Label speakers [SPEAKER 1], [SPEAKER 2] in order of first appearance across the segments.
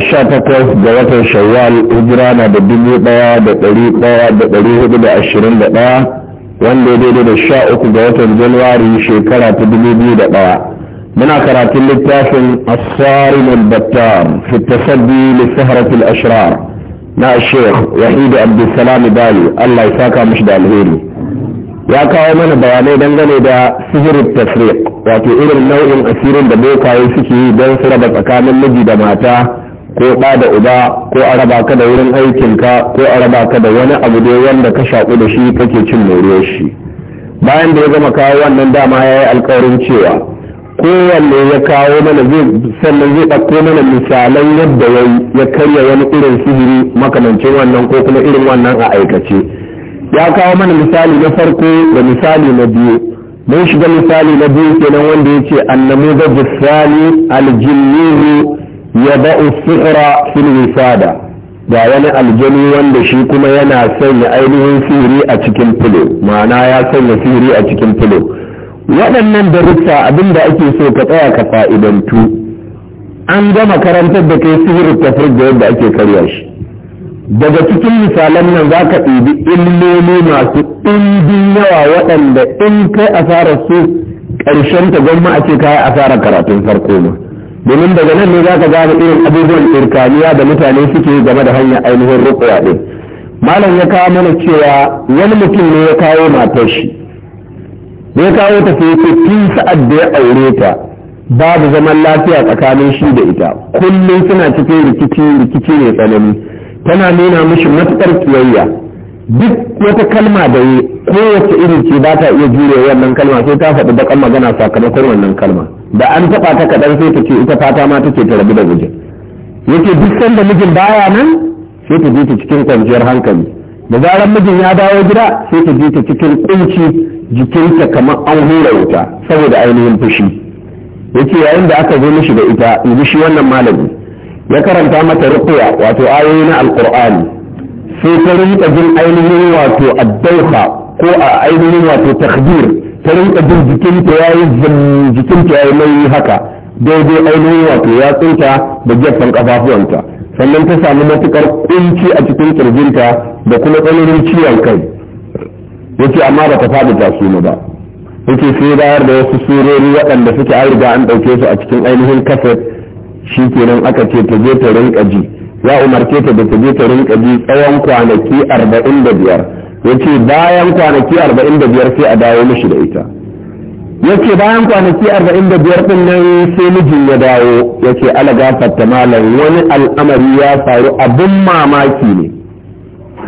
[SPEAKER 1] sha takwas ga watan shawwal hijira na da dubu ɗaya da ɗari ɗaya da ɗari hudu da ashirin da ɗaya wanda daidai da sha uku ga watan januwari shekara ta dubu biyu da ɗaya muna karatun littafin asarin albattar fitasaddi lissaharat al-ashrar na shekh wahidu abdulsalam bali allah ya saka mashi da alheri ya kawo mana bayanai dangane da sihirin tafriq wato irin nau'in asirin da bokaye suke yi don su raba tsakanin miji da mata ko ba da uba ko a raba ka da wurin aikinka ko a raba ka da wani abu dai wanda ka shaƙu da shi kake cin moriyar shi bayan da ya gama kawo wannan dama ya yi alkawarin cewa kowanne ya kawo mana zai sannan zai ɗauko mana misalan yadda ya karya wani irin sihiri makamancin wannan ko kuma irin wannan a aikace ya kawo mana misali na farko da misali na biyu mun shiga misali na biyu kenan wanda ya ce annamu ga bisali aljinnihu ya ba'u sihra fil wisada ga wani aljani wanda shi kuma yana sanya ainihin sihiri a cikin filo ma'ana ya sanya sihiri a cikin filo waɗannan darussa abinda ake so ka tsaya ka fa'idantu an gama karantar da kai sihirin tafir da yadda ake karya shi daga cikin misalan nan za ka ɗibi illoli masu ɗimbin yawa waɗanda in kai asarar su ƙarshen ta gwamma a ce kayi asarar karatun farko ma domin daga nan ne za ka gane irin abubuwan irkaniya da mutane suke game da hanyar ainihin rukuwa ɗin malam ya kawo mana cewa wani mutum ne ya kawo matar shi ne ya kawo ta sai ce tun sa'ad da ya aure ta babu zaman lafiya tsakanin shi da ita kullum suna cikin rikici rikici ne tsanani tana nuna mishi matuƙar kiyayya duk wata kalma da yi kowace irin ce ba ta iya jure wannan kalma sai ta faɗi bakan magana sakamakon wannan kalma da an taɓa ta kaɗan sai ta ce ita fata ma take ta rabu da mijin yake duk sanda mijin baya nan sai ta je ta cikin kwanciyar hankali da zarar mijin ya dawo gida sai ta je ta cikin kunci jikinta kamar an hura wuta saboda ainihin fushi yake yayin da aka zo mishi da ita in shi wannan malami ya karanta mata rukuya wato ayoyi na alkur'ani sai ta rinka jin ainihin wato addauka ko a ainihin wato takbir ta rinka jin jikinta ya yi jikinta ya yi mai haka daidai ainihin wato yatsunta da gefen kafafuwanta sannan ta samu matukar kunci a cikin kirjinta da kuma tsananin ciwon kai yace amma ba ta faɗi tasu ba yace sai bayar da wasu surori waɗanda suke an riga an ɗauke su a cikin ainihin kafet. shi kenan aka ce ta je ta rinka ji ya umarce ta da ta je ta rinka ji tsawon kwanaki arba'in da biyar bayan kwanaki arba'in da biyar sai a dawo mishi da ita yace bayan kwanaki arba'in da biyar ɗin nan sai mijin ya dawo yace ce ala malam wani al'amari ya faru abin mamaki ne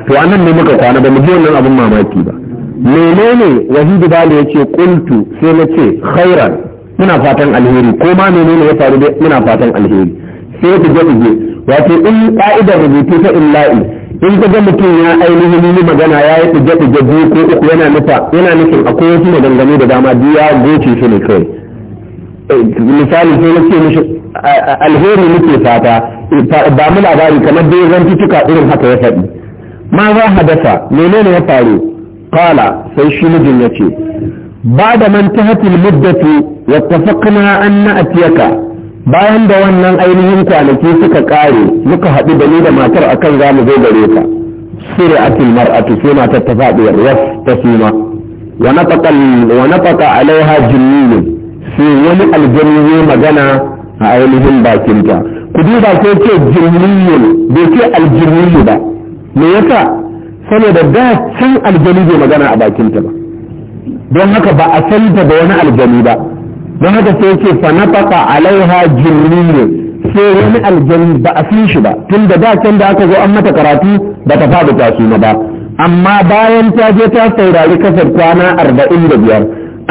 [SPEAKER 1] to anan ne muka kwana ba mu je wannan abin mamaki ba menene wahidu bala yace ce sai na ce khairan muna fatan alheri ko ma menene ya faru dai muna fatan alheri sai ku je ku wato in ka'idar rubutu ta illa'i in ka ga mutum ya ainihin yi magana ya yi tuje tuje biyu ko uku yana nufa yana nufin akwai wasu maganganu da dama biyu ya goce shi ne kai eh, misali sai nake mishi alheri nake fata ba mu labari kamar dai zan tuka irin haka ya faɗi ma za hadasa menene ya faru kala sai shi mijin ya ce بعد ما انتهت المدة واتفقنا أن نأتيك bayan da wannan ainihin kwanaki suka kare muka haɗu da ni da matar akan za mu zo gare ka sura atil a sai matar ta faɗi ras ta suma wa nafaqa wa nafaqa alaiha jinnin sai wani aljanni magana a ainihin bakinta ku duba ko ce jinnin bai ce aljinnin ba me yasa saboda da can aljanni bai magana a bakinta ba don haka ba a san da wani aljani ba don haka sai ce fa nafaqa alaiha ne sai wani aljani ba a san shi ba tun da can da aka zo an mata karatu ba ta faɗi ta suna ba amma bayan ta je ta saurari kasar kwana arba'in da biyar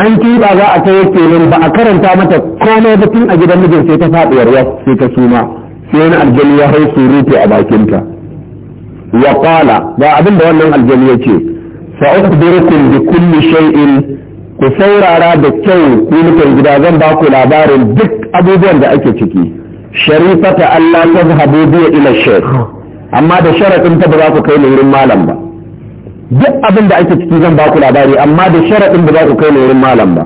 [SPEAKER 1] an kiba za a kai yake ba a karanta mata komai ba tun a gidan mijin sai ta faɗi yarwa sai ta suma sai wani aljani ya hau surutu a bakinta wa qala ba abin da wannan aljani ya ce fa ukhbirukum bi kulli shay'in ku saurara da kyau ku mutan gida zan ba ku labarin duk abubuwan da ake ciki sharifata Allah tazhabu bi ila shaykh amma da sharadin ta ba za ku kai ni wurin malam ba duk abin da ake ciki zan ba ku labari amma da sharadin ba za ku kai ni wurin malam ba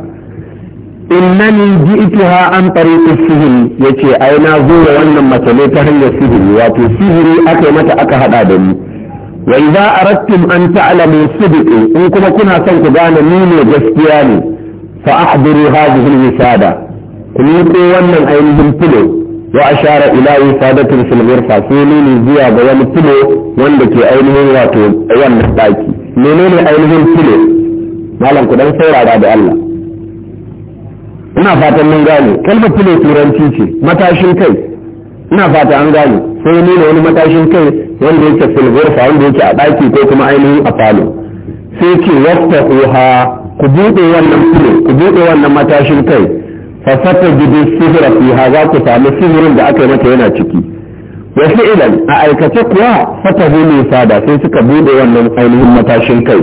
[SPEAKER 1] innani ji'tuha an tariqi sihiri yace ai na zo wannan mace ne ta hanyar sihiri wato sihiri aka mata aka hada da ni wa idza aradtum an ta'lamu sidqi in kuma kuna son ku gane ni ne gaskiya ne fa ahdiru hadhihi al-wisada yi ko wannan ainihin filo wa ashara ila wisadatin fil ghurfa sai ne zuwa ga wani filo wanda ke ainihin wato wannan daki menene ainihin filo malam ku dan saurara da Allah ina fatan mun gane kalmar filo turanci ce matashin kai ina fata an gane sai nuna wani matashin kai wanda yake filgurfa wanda yake a ɗaki ko kuma ainihin a falo sai ce wasta uha ku buɗe wannan filo ku buɗe wannan matashin kai fasata gidi sihira fiha za ku samu sihirin da aka yi mata yana ciki wasu idan a aikace kuwa fatahu ne sada sai suka buɗe wannan ainihin matashin kai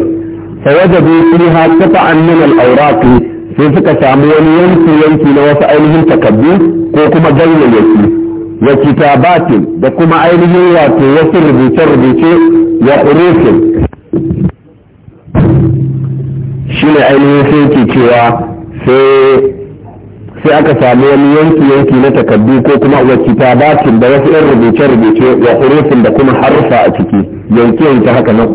[SPEAKER 1] fa wajadu fiha qata'an min al-awraqi sai suka samu wani yanki yanki na wasu ainihin takardu ko kuma ganyayyaki wa kitabatin da kuma ainihin wato wasu rubuce-rubuce wa hurufin shi ne ainihin sai cewa sai aka sami wani yanki-yanki na takardu ko kuma wa kitabatin da wasu yan rubuce-rubuce wa hurufin da kuma harfa a ciki yanki-yanki haka na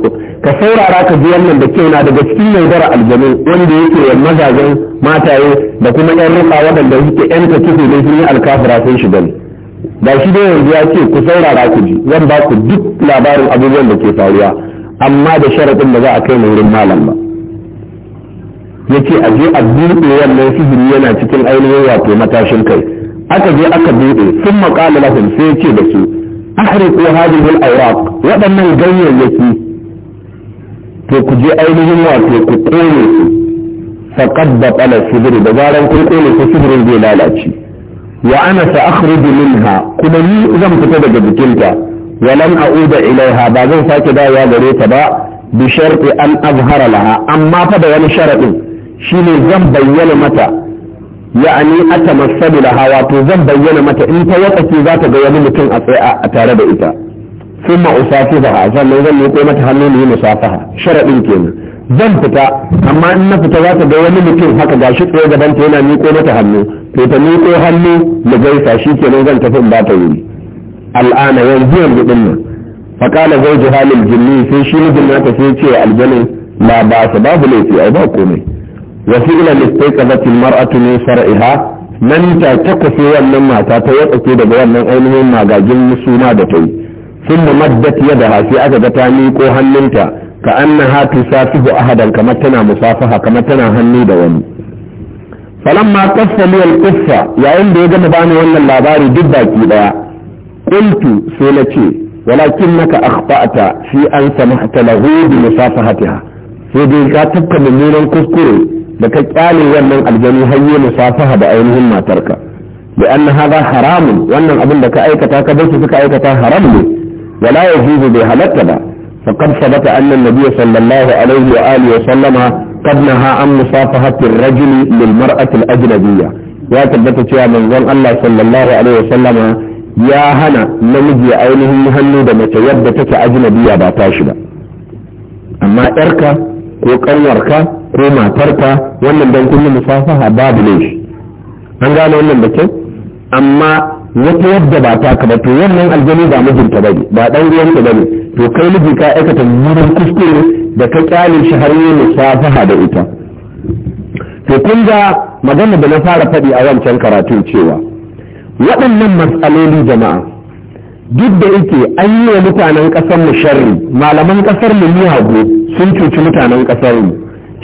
[SPEAKER 1] ka saurara ka ji wannan da kyau na daga cikin yaudara aljanu wanda yake yan mazajen mataye da kuma yan ruka waɗanda suke yan takifi ne sun yi alkafira sun shiga ne ba shi da yanzu ya ce ku saurara ku ji zan ba ku duk labarin abubuwan da ke faruwa amma da sharaɗin da za a kai wurin malam ba ya ce a je a buɗe wannan sihiri yana cikin ainihin wato matashin kai aka je aka buɗe sun maƙala lahum sai ya ce da su ko hajji wani awraq waɗannan ganyayyaki to ku je ainihin wato ku ƙone su da ɓala sihiri da zaran kun ƙone su sihirin zai lalace wa ana sa'akhruju minha kuma ni zan fita daga jikinta wa lan a'uda ilaiha ba zan sake dawowa gare ta ba bi sharti an azhara laha amma fa da wani sharadin shine zan bayyana mata ya'ani atamassalu laha wato zan bayyana mata in ta wakati za ta ga wani mutum a tsaye a tare da ita usafi usafiha sannan zan miƙo mata hannu ne musafaha sharadin kenan zan fita amma in na fita za ta ga wani mutum haka gashi tsaye gaban ta yana miƙo mata hannu to ta miƙo hannu mu gaisa shi ke nan zan tafi in ba ta wuri al'ana yanzu yanzu din nan faƙala zai ji halin jinni sai shi mijin ta sai ce aljanin ma ba su babu laifi ai ba komai wasu ila mistaiqazatil mar'atu min far'iha nan ta kufe wannan mata ta yatsake daga wannan ainihin magagin suna da ta yi sun da maddat da sai aka ga ta miƙo hannunta ka annaha tusafihu ahadan kamar tana musafaha kamar tana hannu da wani falamma kaffali al-qissa yayin da ya gama bani wannan labari duk baki daya qultu sai na ce walakinnaka akhta'ta fi an samahta lahu bi musafahatiha sai dai ka tafka mummunan kuskure da ka kyale wannan aljani hayye musafaha da ainihin matarka da anna hadha haramun wannan abin da ka aikata ka bar su suka aikata haram ne wala yajuzu bi halatta ba فقد ثبت أن النبي صلى الله عليه وآله وسلم قد نهى عن مصافحة الرجل للمرأة الأجنبية يا تبت يا من ظن الله صلى الله عليه وسلم يا هنا نمجي عينه هنو دم تيبتك أجنبية باتاشبة أما إركا ko ƙanwarka ko matarka wannan don kullum musafaha babu ne an gane wannan da kyau amma wata yadda ba ta kaba to wannan aljani ba mijinta bane ba dan ruwanka bane to kai miji ka aikata mummunan kuskure da ka kyale shi har yi musafaha da ita to kun ga magana da na fara faɗi a wancan karatun cewa waɗannan matsaloli jama'a duk da yake an yi wa mutanen ƙasar mu sharri malaman ƙasar mu miyagu sun cuci mutanen ƙasar mu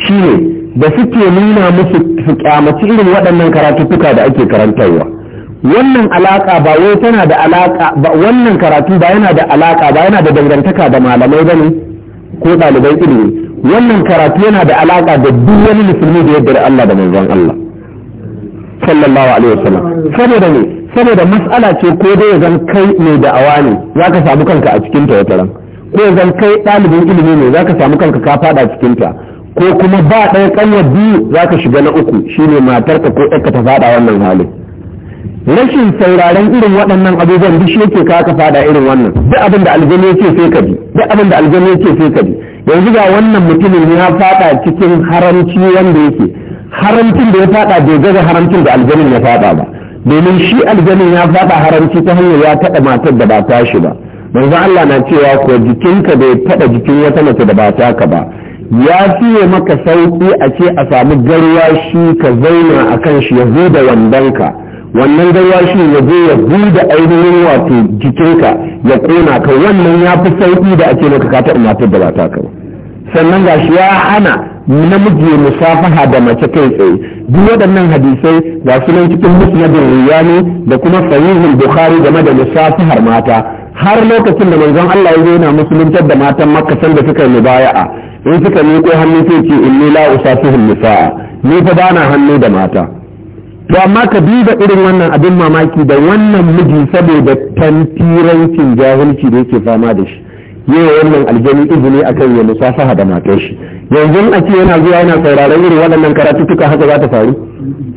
[SPEAKER 1] shine da suke nuna musu su kyamaci irin waɗannan karatuttuka da ake karantarwa wannan alaka ba wai tana da alaka ba wannan karatu ba yana da alaka ba yana da dangantaka da malamai bane ko ɗaliban ilimi wannan karatu yana da alaka da duk wani musulmi da yadda Allah da manzon Allah sallallahu alaihi wasallam saboda ne saboda mas'ala ce ko dai zan kai mai da awani zaka samu kanka a cikin ta wataran ko zan kai ɗalibin ilimi ne zaka samu kanka ka fada cikin ta ko kuma ba ɗaya kanyar biyu zaka shiga na uku shine matarka ko ɗanka ta fada wannan halin rashin sauraron irin waɗannan abubuwan duk shi yake ka ka fada irin wannan duk abin da aljani yake sai ka bi duk abin da aljani yake sai ka bi yanzu ga wannan mutumin ya fada cikin haramci wanda yake haramcin da ya fada bai gaza haramcin da aljanin ya fada ba domin shi aljanin ya fada haramci ta hanyar ya taɗa matar da ba ta shi ba manzo Allah na cewa ko jikinka bai taɗa jikin wata mace da ba ta ka ba ya fiye maka sauki a ce a samu garwa shi ka zauna akan shi ya zo da wandonka wannan gaiwa shi ya zo ya buɗe ainihin wato jikinka ya kona ka wannan ya fi sauƙi da ake maka ka taɓa matar da ba ta kai sannan ga shi ya hana namiji musafaha da mace kai tsaye duk waɗannan hadisai ga su nan cikin musnadin riyani da kuma sahihul bukhari game da musafahar mata har lokacin da manzon Allah ya zo yana musuluntar da matan Makka sanda da suka yi baya'a in suka miƙo hannu sai ce inni la usafihul nisaa ni fa bana hannu da mata to amma ka duba irin wannan abin mamaki da wannan miji saboda tantirancin jahilci da yake fama da shi yi wannan aljani izini akan ya musafaha da matar shi yanzu a ce yana zuwa yana sauraron irin waɗannan karatuttuka haka za ta faru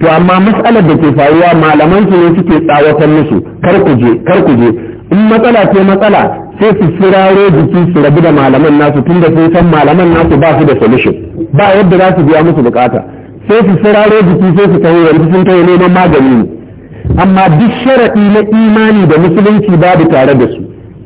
[SPEAKER 1] to amma matsalar da ke faruwa malaman su ne suke tsawatar musu kar ku je kar ku je in matsala ce matsala sai su siraro jiki su rabu da malaman nasu tunda sun san malaman nasu ba su da solution ba yadda za su biya musu bukata sai su sararo jiki sai su kawo yanzu sun kai neman magani amma duk sharaɗi na imani da musulunci babu tare da su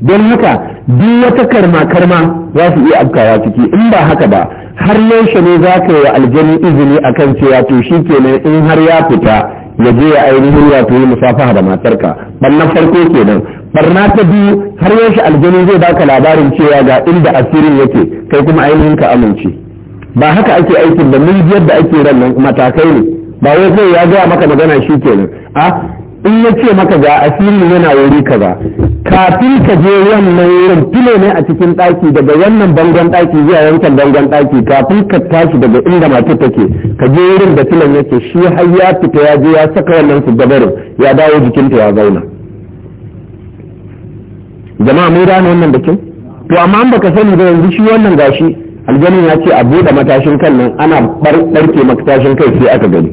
[SPEAKER 1] don haka duk wata karma karma za su iya afkawa ciki in ba haka ba har yaushe ne za ka yi wa aljani izini a kan cewa to shi kenan in har ya fita ya je ya ainihin wato yi musafaha da matarka barna farko kenan barna ta biyu har yaushe aljani zai baka labarin cewa ga inda asirin yake kai kuma ainihin ka amince ba haka ake aikin da mun yadda ake ran matakai ne ba wai kai ya gaya maka magana shi kenan a in ya ce maka ga asiri yana wuri kaza kafin ka je wannan wurin filo ne a cikin ɗaki daga wannan bangon ɗaki zuwa wancan bangon ɗaki kafin ka tashi daga inda matar take ka je wurin da filon yake shi har ya fita ya je ya saka wannan su gabarin ya dawo jikinta ya zauna jama'a mun gane wannan da kyau to amma an baka sani ba yanzu shi wannan gashi aljanin ya ce a buɗe matashin kan nan ana barke matashin kai sai aka gani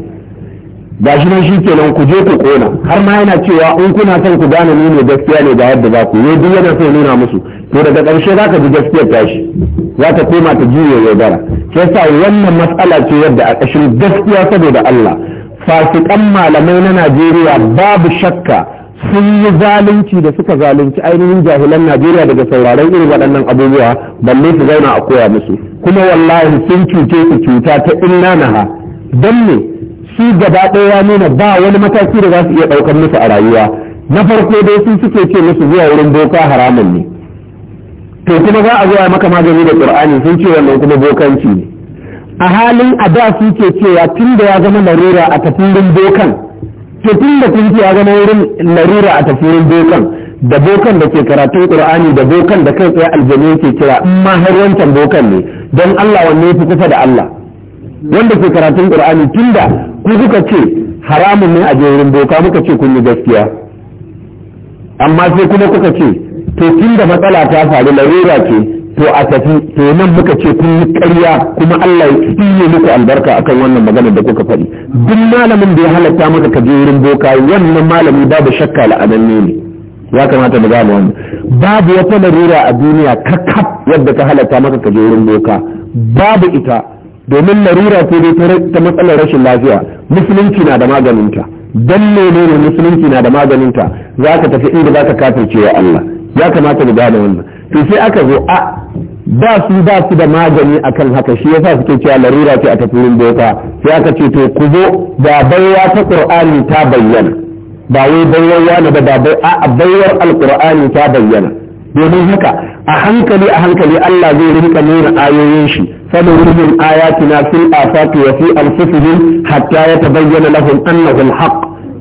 [SPEAKER 1] ga shi nan shikenan ku je ku kona har ma yana cewa in kuna son ku gane ni ne gaskiya ne ga yadda za ku yi duk yana so nuna musu to daga ƙarshe za ka ji gaskiyar tashi za ta koma ta juya yaudara shi wannan matsala ce yadda a ƙashin gaskiya saboda Allah fasikan malamai na Najeriya babu shakka sun yi zalunci da suka zalunci ainihin jahilan najeriya daga sauraron irin waɗannan abubuwa balle su zauna a koya musu kuma wallahi sun cuce su cuta ta inna naha don ne su gaba ɗaya ya nuna ba wani mataki da za su iya ɗaukar musu a rayuwa na farko dai sun suke ce musu zuwa wurin boka haramun ne to kuma za a zuwa maka magani da qur'ani sun ce wannan kuma bokanci ne a halin a da suke cewa tun da ya zama larura a tafirin bokan to tun da kun ya zama wurin larura a tafiyar bokan da bokan da ke karatun qur'ani da bokan da kai tsaye aljanu ke kira in ma har wancan bokan ne don Allah wanne fi kusa da Allah wanda ke karatun qur'ani tunda ku kuka ce haramun ne a je wurin boka muka ce kun yi gaskiya amma sai kuma kuka ce to tunda matsala ta faru larura ce to a tafi to nan muka ce kun yi ƙarya kuma Allah ya tsine muku albarka akan wannan maganar da kuka faɗi duk malamin da ya halatta maka ka je wurin boka wannan malami babu shakka la'ananne ne ya kamata mu gane wannan babu wata larura a duniya kakaf yadda ka halatta maka ka je wurin boka babu ita domin larura ce dai ta matsalar rashin lafiya musulunci na da maganinta dan menene musulunci na da maganinta za ka tafi inda za ka kafirce wa Allah ya kamata mu gane wannan to sai aka zo a ba su ba su da magani akan haka shi yasa suke cewa larura ce a tafiyin boka sai aka ce to ku zo da baiwa ta qur'ani ta bayyana ba wai baiwar yana ba da baiwar alqur'ani ta bayyana domin haka a hankali a hankali Allah zai rinka nuna ayoyin shi sanurihim ayatina fil afaqi wa fi anfusihim hatta yatabayyana lahum annahu alhaq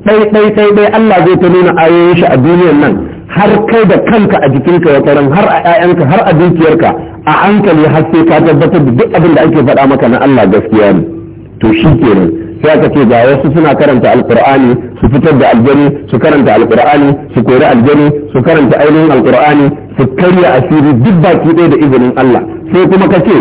[SPEAKER 1] dai dai dai Allah zai ta nuna ayoyin shi a duniyar nan har kai da kanka a jikinka ya kwaran har a ka har a dukiyarka a hankali har sai ka tabbatar da duk abin da ake faɗa maka na Allah gaskiya ne to shi kenan sai aka ce ga wasu suna karanta alkur'ani su fitar da aljani su karanta alkur'ani su kori aljani su karanta ainihin alkur'ani su karya asiri duk baki ɗaya da izinin Allah sai kuma ka ce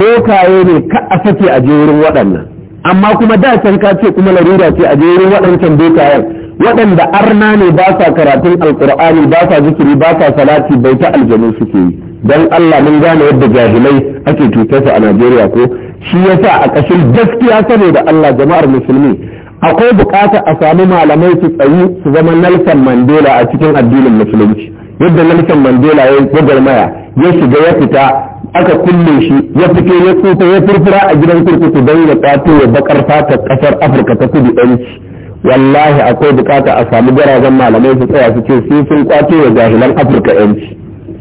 [SPEAKER 1] bokaye ne ka a sake a je wurin waɗannan amma kuma da can ka ce kuma larura ce a je wurin waɗancan bokayen waɗanda arna ne ba sa karatun alkur'ani ba sa zikiri ba sa salati bai ta aljanu suke yi don Allah mun gane yadda jahilai ake cutarsa a Najeriya ko shi yasa a ƙashin gaskiya saboda Allah jama'ar musulmi akwai bukata a samu malamai su tsayi su zama Nelson Mandela a cikin addinin musulunci yadda Nelson Mandela ya gwagwarmaya ya shiga ya fita aka kulle shi ya fito ya tsufa ya furfura a gidan kurkuku don ya kwato ya bakar fatar ƙasar Afirka ta kudu 'yanci wallahi akwai bukata a samu garazan malamai su tsaya su ce sun sun kwato wa jahilan afirka yanci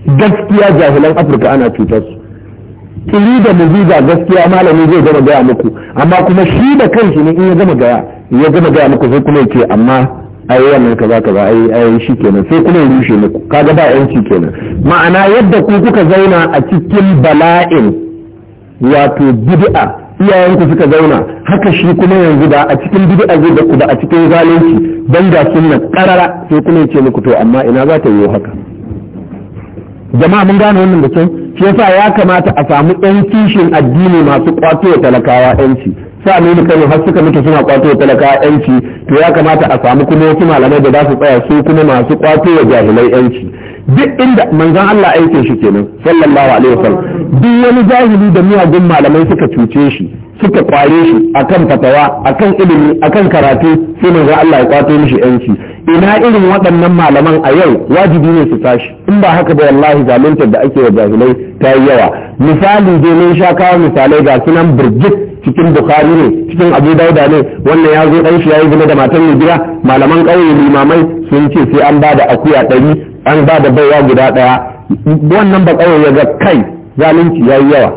[SPEAKER 1] gaskiya jahilan afirka ana cutar su Kiri da muziga gaskiya malami zai gama gaya muku amma kuma shi da kanshi ne in ya gama gaya ya gama gaya muku sai kuma ce amma ai wannan kaza kaza ai ai shi kenan sai kuma ya rushe muku kaga ba yanci kenan ma'ana yadda ku kuka zauna a cikin bala'in wato bid'a iyayenku suka zauna haka shi kuma yanzu da a cikin bid'a zai ku da a cikin zalunci dan da sunna karara sai kuma ce muku to amma ina za ta yi haka jama'a mun gane wannan da kyau shi yasa ya kamata a samu yan kishin addini masu kwato talakawa yanci sa nuna kano har suka mutu suna kwato talakawa yanci to ya kamata a samu kuma wasu malamai da za su tsaya su kuma masu kwato da jahilai yanci duk inda manzan Allah aikin shi kenan sallallahu alaihi wasallam duk wani jahili da miyagun malamai suka cuce shi suka kware shi akan fatawa akan ilimi akan karatu sai manzon Allah ya kwato mishi yanci ina irin waɗannan malaman a yau wajibi ne su tashi in ba haka ba wallahi zaluntar da ake wa jahilai ta yi yawa misali je mun sha kawo misalai ga sunan birgit cikin bukhari ne cikin abu dauda ne wannan ya zo ɗan shi ya yi da matan mai gida malaman ƙauye limamai sun ce sai an ba da akuya ɗari an ba da baiwa guda ɗaya wannan ba kawai ya ga kai zalunci ya yi yawa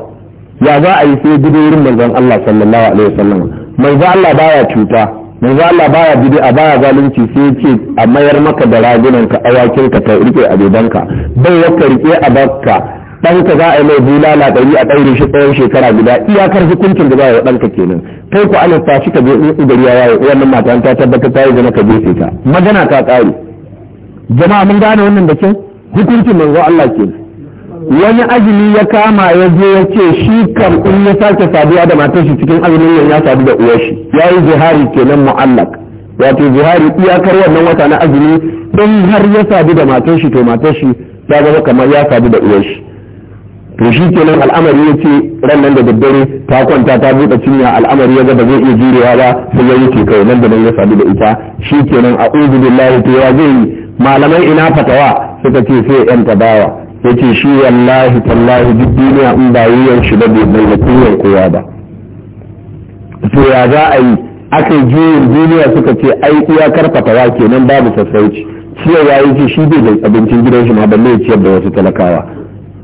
[SPEAKER 1] ya za a yi sai gudun wurin manzon Allah sallallahu alaihi wasallam manzo Allah baya cuta manzo Allah baya a baya zalunci sai ya ce a mayar maka da ragunan ka awakin ka ka rike a bebanka bai waka rike a bakka ɗanka za a yi mai bulala ɗari a ɗaure shi tsawon shekara guda iyakar hukuncin da za a yi ɗanka kenan kai ku alasta shi ka je in gari ya yawo wannan mata ta tabbatar ta yi zama ka sai ta magana ta ƙare jama'a mun gane wannan da kyau hukuncin manzo Allah ke wani azumi ya kama ya je ya ce shi kam in ya sake saduwa da matar shi cikin azumin nan ya sadu da uwar shi ya yi zuhari kenan mu'allak wato zuhari iyakar wannan wata na azumi in har ya sadu da matar shi to matar shi ya zama kamar ya sadu da uwar shi to shi kenan al'amari ya ce ran nan da daddare ta kwanta ta buɗe cinya al'amari ya ba zai iya jurewa ba sai ya wuce kawai nan da nan ya sadu da ita shi kenan a'udhu billahi to ya zai yi malamai ina fatawa suka ce sai yan tabawa ya ce shi wallahi tallahi duk duniya in ba yi shi ba bai mallaki kowa ba to ya za a yi aka yi juyin duniya suka ce ai iyakar fatawa kenan babu sassauci ciyarwa ya ce shi bai da abincin gidan shi ma balle ya ciyar da wasu talakawa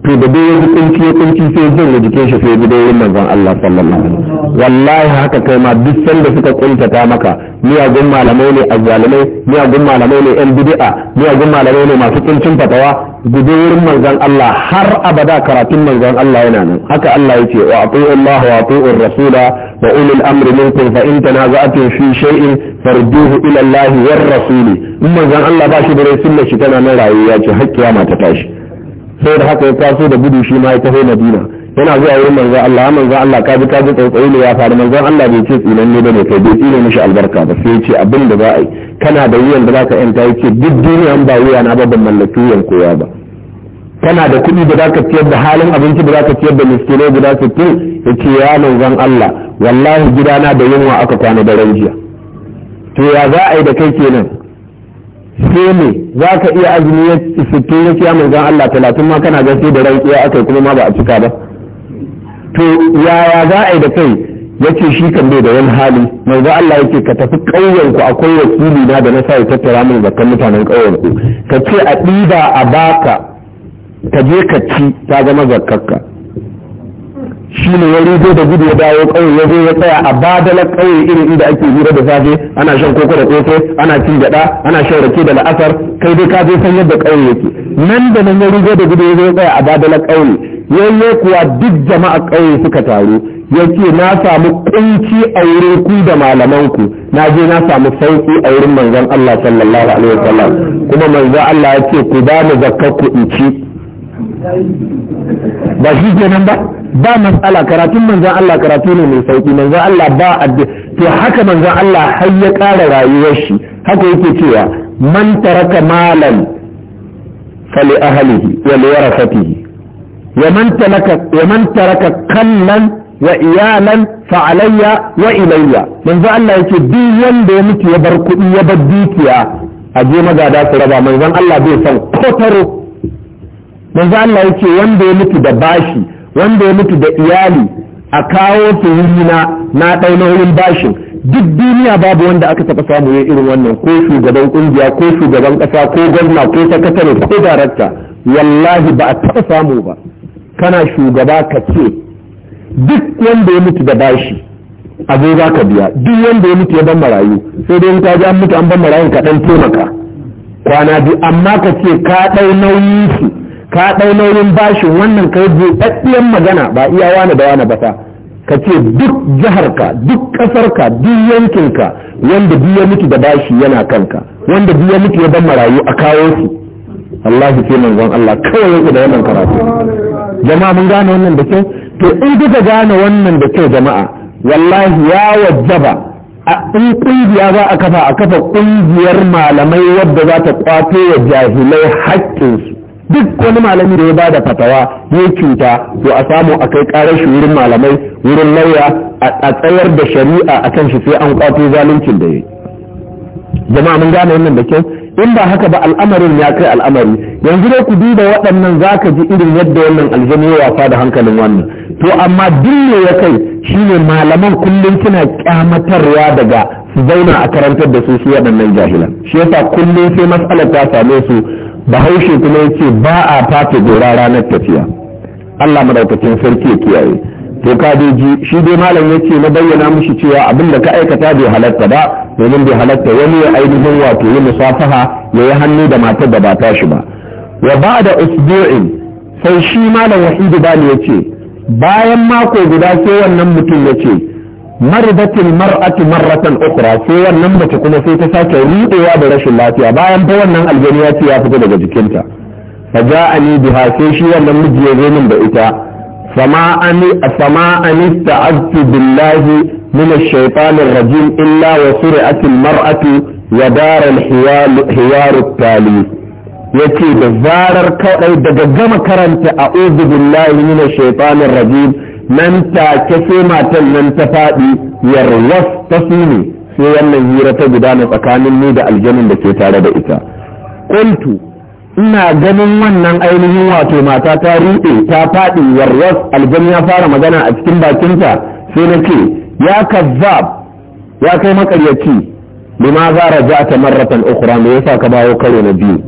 [SPEAKER 1] to da dai hukunci hukunci sai jin jikin shi sai gidan wurin manzon Allah sallallahu alaihi wasallam wallahi haka kai ma duk sanda suka kuntata maka miyagun malamai ne azzalimai miyagun malamai ne yan bid'a miyagun malamai ne masu kincin fatawa gidan wurin manzon Allah har abada karatun manzon Allah yana nan haka Allah yake wa ati'u Allah wa ati'u rasula wa ulil amri minkum fa in tanaza'tum fi shay'in farduhu ila Allah war rasuli in manzon Allah ba shi da sunna shi tana nan rayuwa ce hakkiya mata ta tashi sai da haka ya taso da gudu shi ma ya taho madina yana zuwa wurin manzon Allah manzon Allah ka ji ka ji tsautsayi ne ya faru manzon Allah bai ce tsinan ne bane kai bai tsine mishi albarka ba sai ya ce abin da za a yi kana da wuyan da zaka yanta yace duk duniyan ba wuya na ba ban mallaki wuyan koya ba kana da kuɗi da zaka ciyar da halin abinci da zaka ciyar da miskinai guda 60 yace ya manzon Allah wallahi gidana da yunwa aka kwana daren jiya to ya za a yi da kai kenan sai za ka iya azumi ya sittin ya ciya zan Allah talatin ma kana gaske da ran iya aka kuma ma ba a cika ba to yaya za a yi da kai ya ce shi kan bai da wani hali manzon Allah yake ka tafi ku akwai wakili na da na sa ya tattara min zakkan mutanen ku? ka ce a ɗiba a baka ka je ka ci ta zama zakkarka shi ne ya rufe da gudu ya dawo ƙauye ya zo ya tsaya a badalar ƙauye irin inda ake hira da safe ana shan koko da koko ana cin gyaɗa ana shan rake da la'asar kai dai ka je san yadda ƙauye yake nan da nan ya rufe da gudu ya zo ya tsaya a badalar ƙauye yayye kuwa duk jama'a ƙauye suka taru ya ce na samu ƙunci a wurin ku da malamanku na je na samu sauki a wurin manzon Allah sallallahu alaihi wasallam kuma manzon Allah ya ce ku ba mu zakkar ku ci ba shi kenan ba ba matsala karatun manzan Allah karatu ne mai sauki manzan Allah ba addu to haka manzan Allah har ya ƙara rayuwar shi haka yake cewa man taraka malan fali ahlihi wa li warasatihi wa man taraka wa man taraka kallan wa iyalan fa alayya wa ilayya manzan Allah yake duk wanda ya mutu ya bar kuɗi ya bar dukiya a je magada su raba manzan Allah bai san kotaro manzan Allah yake wanda ya mutu da bashi wanda ya mutu da iyali a kawo su na na ɗau nauyin bashin duk duniya babu wanda aka taɓa samu ya irin wannan ko shugaban ƙungiya ko shugaban ƙasa ko gwamna ko sakatare ko darakta wallahi ba a taɓa samu ba kana shugaba ka ce duk wanda ya mutu da bashi abu za ka biya duk wanda ya mutu ya ban marayu sai dai ta ji an mutu an ban marayun ka ɗan taimaka kwana biyu amma ka ce ka ɗau nauyin su ka ɗau nauyin bashin wannan ka kai buɗaɗɗiyar magana ba iya wani da wani ba fa ka ce duk jiharka duk ƙasarka duk yankinka wanda duk miki da bashi yana kanka wanda duk miki ya ban marayu a kawo su Allah sai manzon Allah kawai ya da wannan karatu jama'a mun gane wannan da kyau to in kuka gane wannan da kyau jama'a wallahi ya wajaba a in kungiya za a kafa a kafa kungiyar malamai wadda za ta kwato wa jahilai haƙƙinsu duk wani malami da ya bada fatawa ya cuta to a samu a kai karar shi wurin malamai wurin lauya a tsayar da shari'a a kan shi sai an kwato zaluncin da ya jama'a mun gane wannan da kyau in ba haka ba al'amarin ya kai al'amari yanzu dai ku duba waɗannan za ka ji irin yadda wannan aljanu ya wasa da hankalin wannan to amma duk ne ya kai shine malaman kullum suna kyamatarwa daga su zauna a karantar da su su waɗannan jahilan shi yasa kullum sai matsalar ta same su bahaushe kuma ya ce ba a fata gora ranar tafiya allah madaukakin sarki ya kiyaye to ka ji shi dai malam ya ce na bayyana mushi cewa abin da ka aikata bai halatta ba domin bai halatta wani ya ainihin wato yi musafaha ya yi hannu da matar da ba ta shi ba wa ba da usbu'in sai shi malam wahidu bani ya ce bayan mako guda sai wannan mutum ya ce maridatil mar'atu marratan ukra sai wannan mace kuma sai ta sake rudewa da rashin lafiya bayan fa wannan aljani ya ce ya fita daga jikinta fa ja'ani biha sai shi wannan miji ya zo da ita fama ani fama ani ta'azzu billahi illa wa suri'atil mar'atu wa daral hiyar tali yace da zarar kawai daga gama karanta a'udhu billahi minash shaitanir rajim nan take sai matan nan ta faɗi yarwas ta ne sai wannan hira ta gudana tsakanin ni da aljanin da ke tare da ita kuntu ina ganin wannan ainihin wato mata ta ruɗe ta faɗi yarwas aljan ya fara magana a cikin bakinta sai na ce ya kazzab ya kai makaryaci lima za ja ta marratan ukura me yasa ka bawo karo na biyu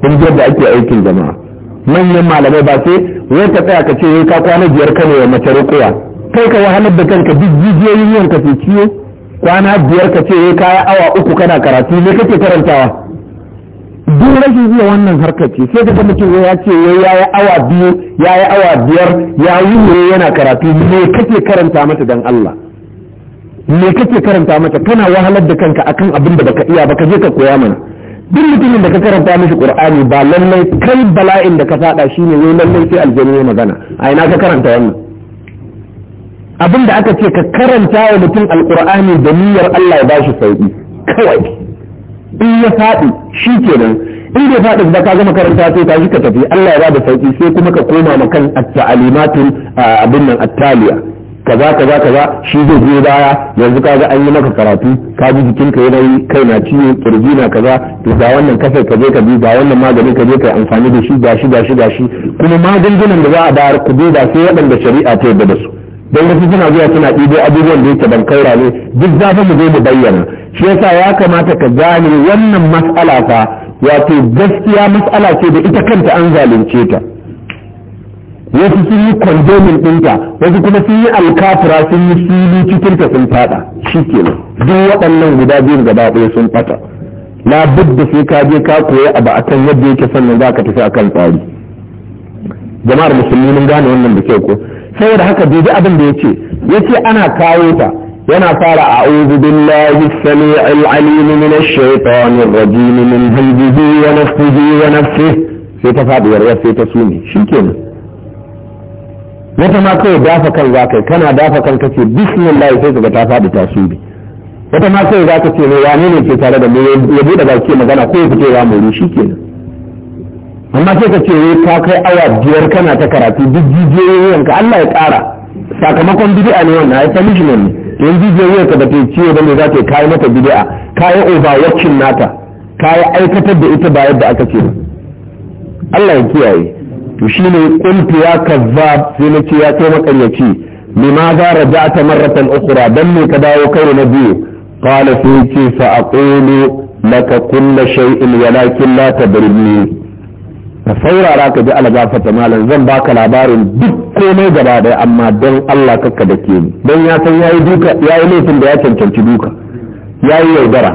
[SPEAKER 1] kun da ake aikin jama'a manyan malamai ba sai wai ka tsaya ka ce ka kwana biyar kano wa mace rukuwa kai ka wahalar da kanka duk jijiyoyin yanka su ciwo kwana biyar ka ce ka kaya awa uku kana karatu ne kake karantawa duk rashin zuwa wannan harkar ce sai ka mutum ya ce ya yi awa biyu ya yi awa biyar ya yi yana karatu me kake karanta mata dan Allah me kake karanta mata kana wahalar da kanka akan abin da baka iya baka je ka koya mana duk mutumin da ka karanta mishi qur'ani ba lallai kai bala'in da ka fada shine wai lallai sai aljanu ya magana a ina ka karanta wannan abin da aka ce ka karanta wa mutum alqur'ani da niyyar Allah ya bashi sauki kawai in ya shi kenan in bai faɗi ba ka gama karanta sai ka shi ka tafi Allah ya bada sauki sai kuma ka koma makan at-ta'alimatul abin nan at kaza kaza kaza shi zai je baya yanzu kaga an yi maka karatu ka ji jikinka yana yi kai na ciwo kirji na kaza to ga wannan kasar ka je ka bi ga wannan maganin ka je ka amfani da shi gashi gashi gashi kuma magungunan da za a bayar ku da sai waɗanda shari'a ta yadda da su don wasu suna zuwa suna ɗibo abubuwan da yake ban kaura ne duk zafin mu zo mu bayyana shi yasa ya kamata ka gane wannan mas'ala fa wato gaskiya mas'ala ce da ita kanta an zalunce ta wasu sun yi kwandomin ɗinka wasu kuma sun yi alkafura sun yi fili cikin ta sun fada shi duk waɗannan guda biyu gaba ɗaya sun ɓata na da sai ka je ka koya abu akan yadda yake sannan za ka tafi akan tsari jama'ar musulmi mun gane wannan da kyau ko saboda haka dubi abin da yace yace ana kawo ta yana fara a'udhu billahi as-sami'il 'alim minash shaitanir rajim min hamdihi wa nafsihi wa nafsihi sai ta faɗi warwa sai ta sume shikenan wata ma kawai dafa kan za kai kana dafa kan kace bismillah sai kaga ta faɗi tasiri wata ma kawai za ka ce mai wane ne ke tare da mu ya buɗe baki magana ko ya fito ya mori shi kenan amma sai ka ce wai ka kai awa biyar kana ta karatu duk jijiyoyin ka Allah ya kara sakamakon bid'a ne wannan ai punishment ne don jijiyoyin ka ba ta ciwo ba ne za ta kai mata bid'a kai watching nata kai aikatar da ita ba yadda aka ce Allah ya kiyaye to shine kuntu ya kazzab sai na ce ya kai makaryaci limadha ta marratan ukura don ne ka dawo kai na biyu qala sai ce fa aqulu laka kullu shay'in walakin la birni. ka saurara ka ji algafata malam zan baka labarin duk komai gaba daya amma don Allah kakka da ke ni don ya san yayi duka yayi laifin da ya cancanci duka yayi yaudara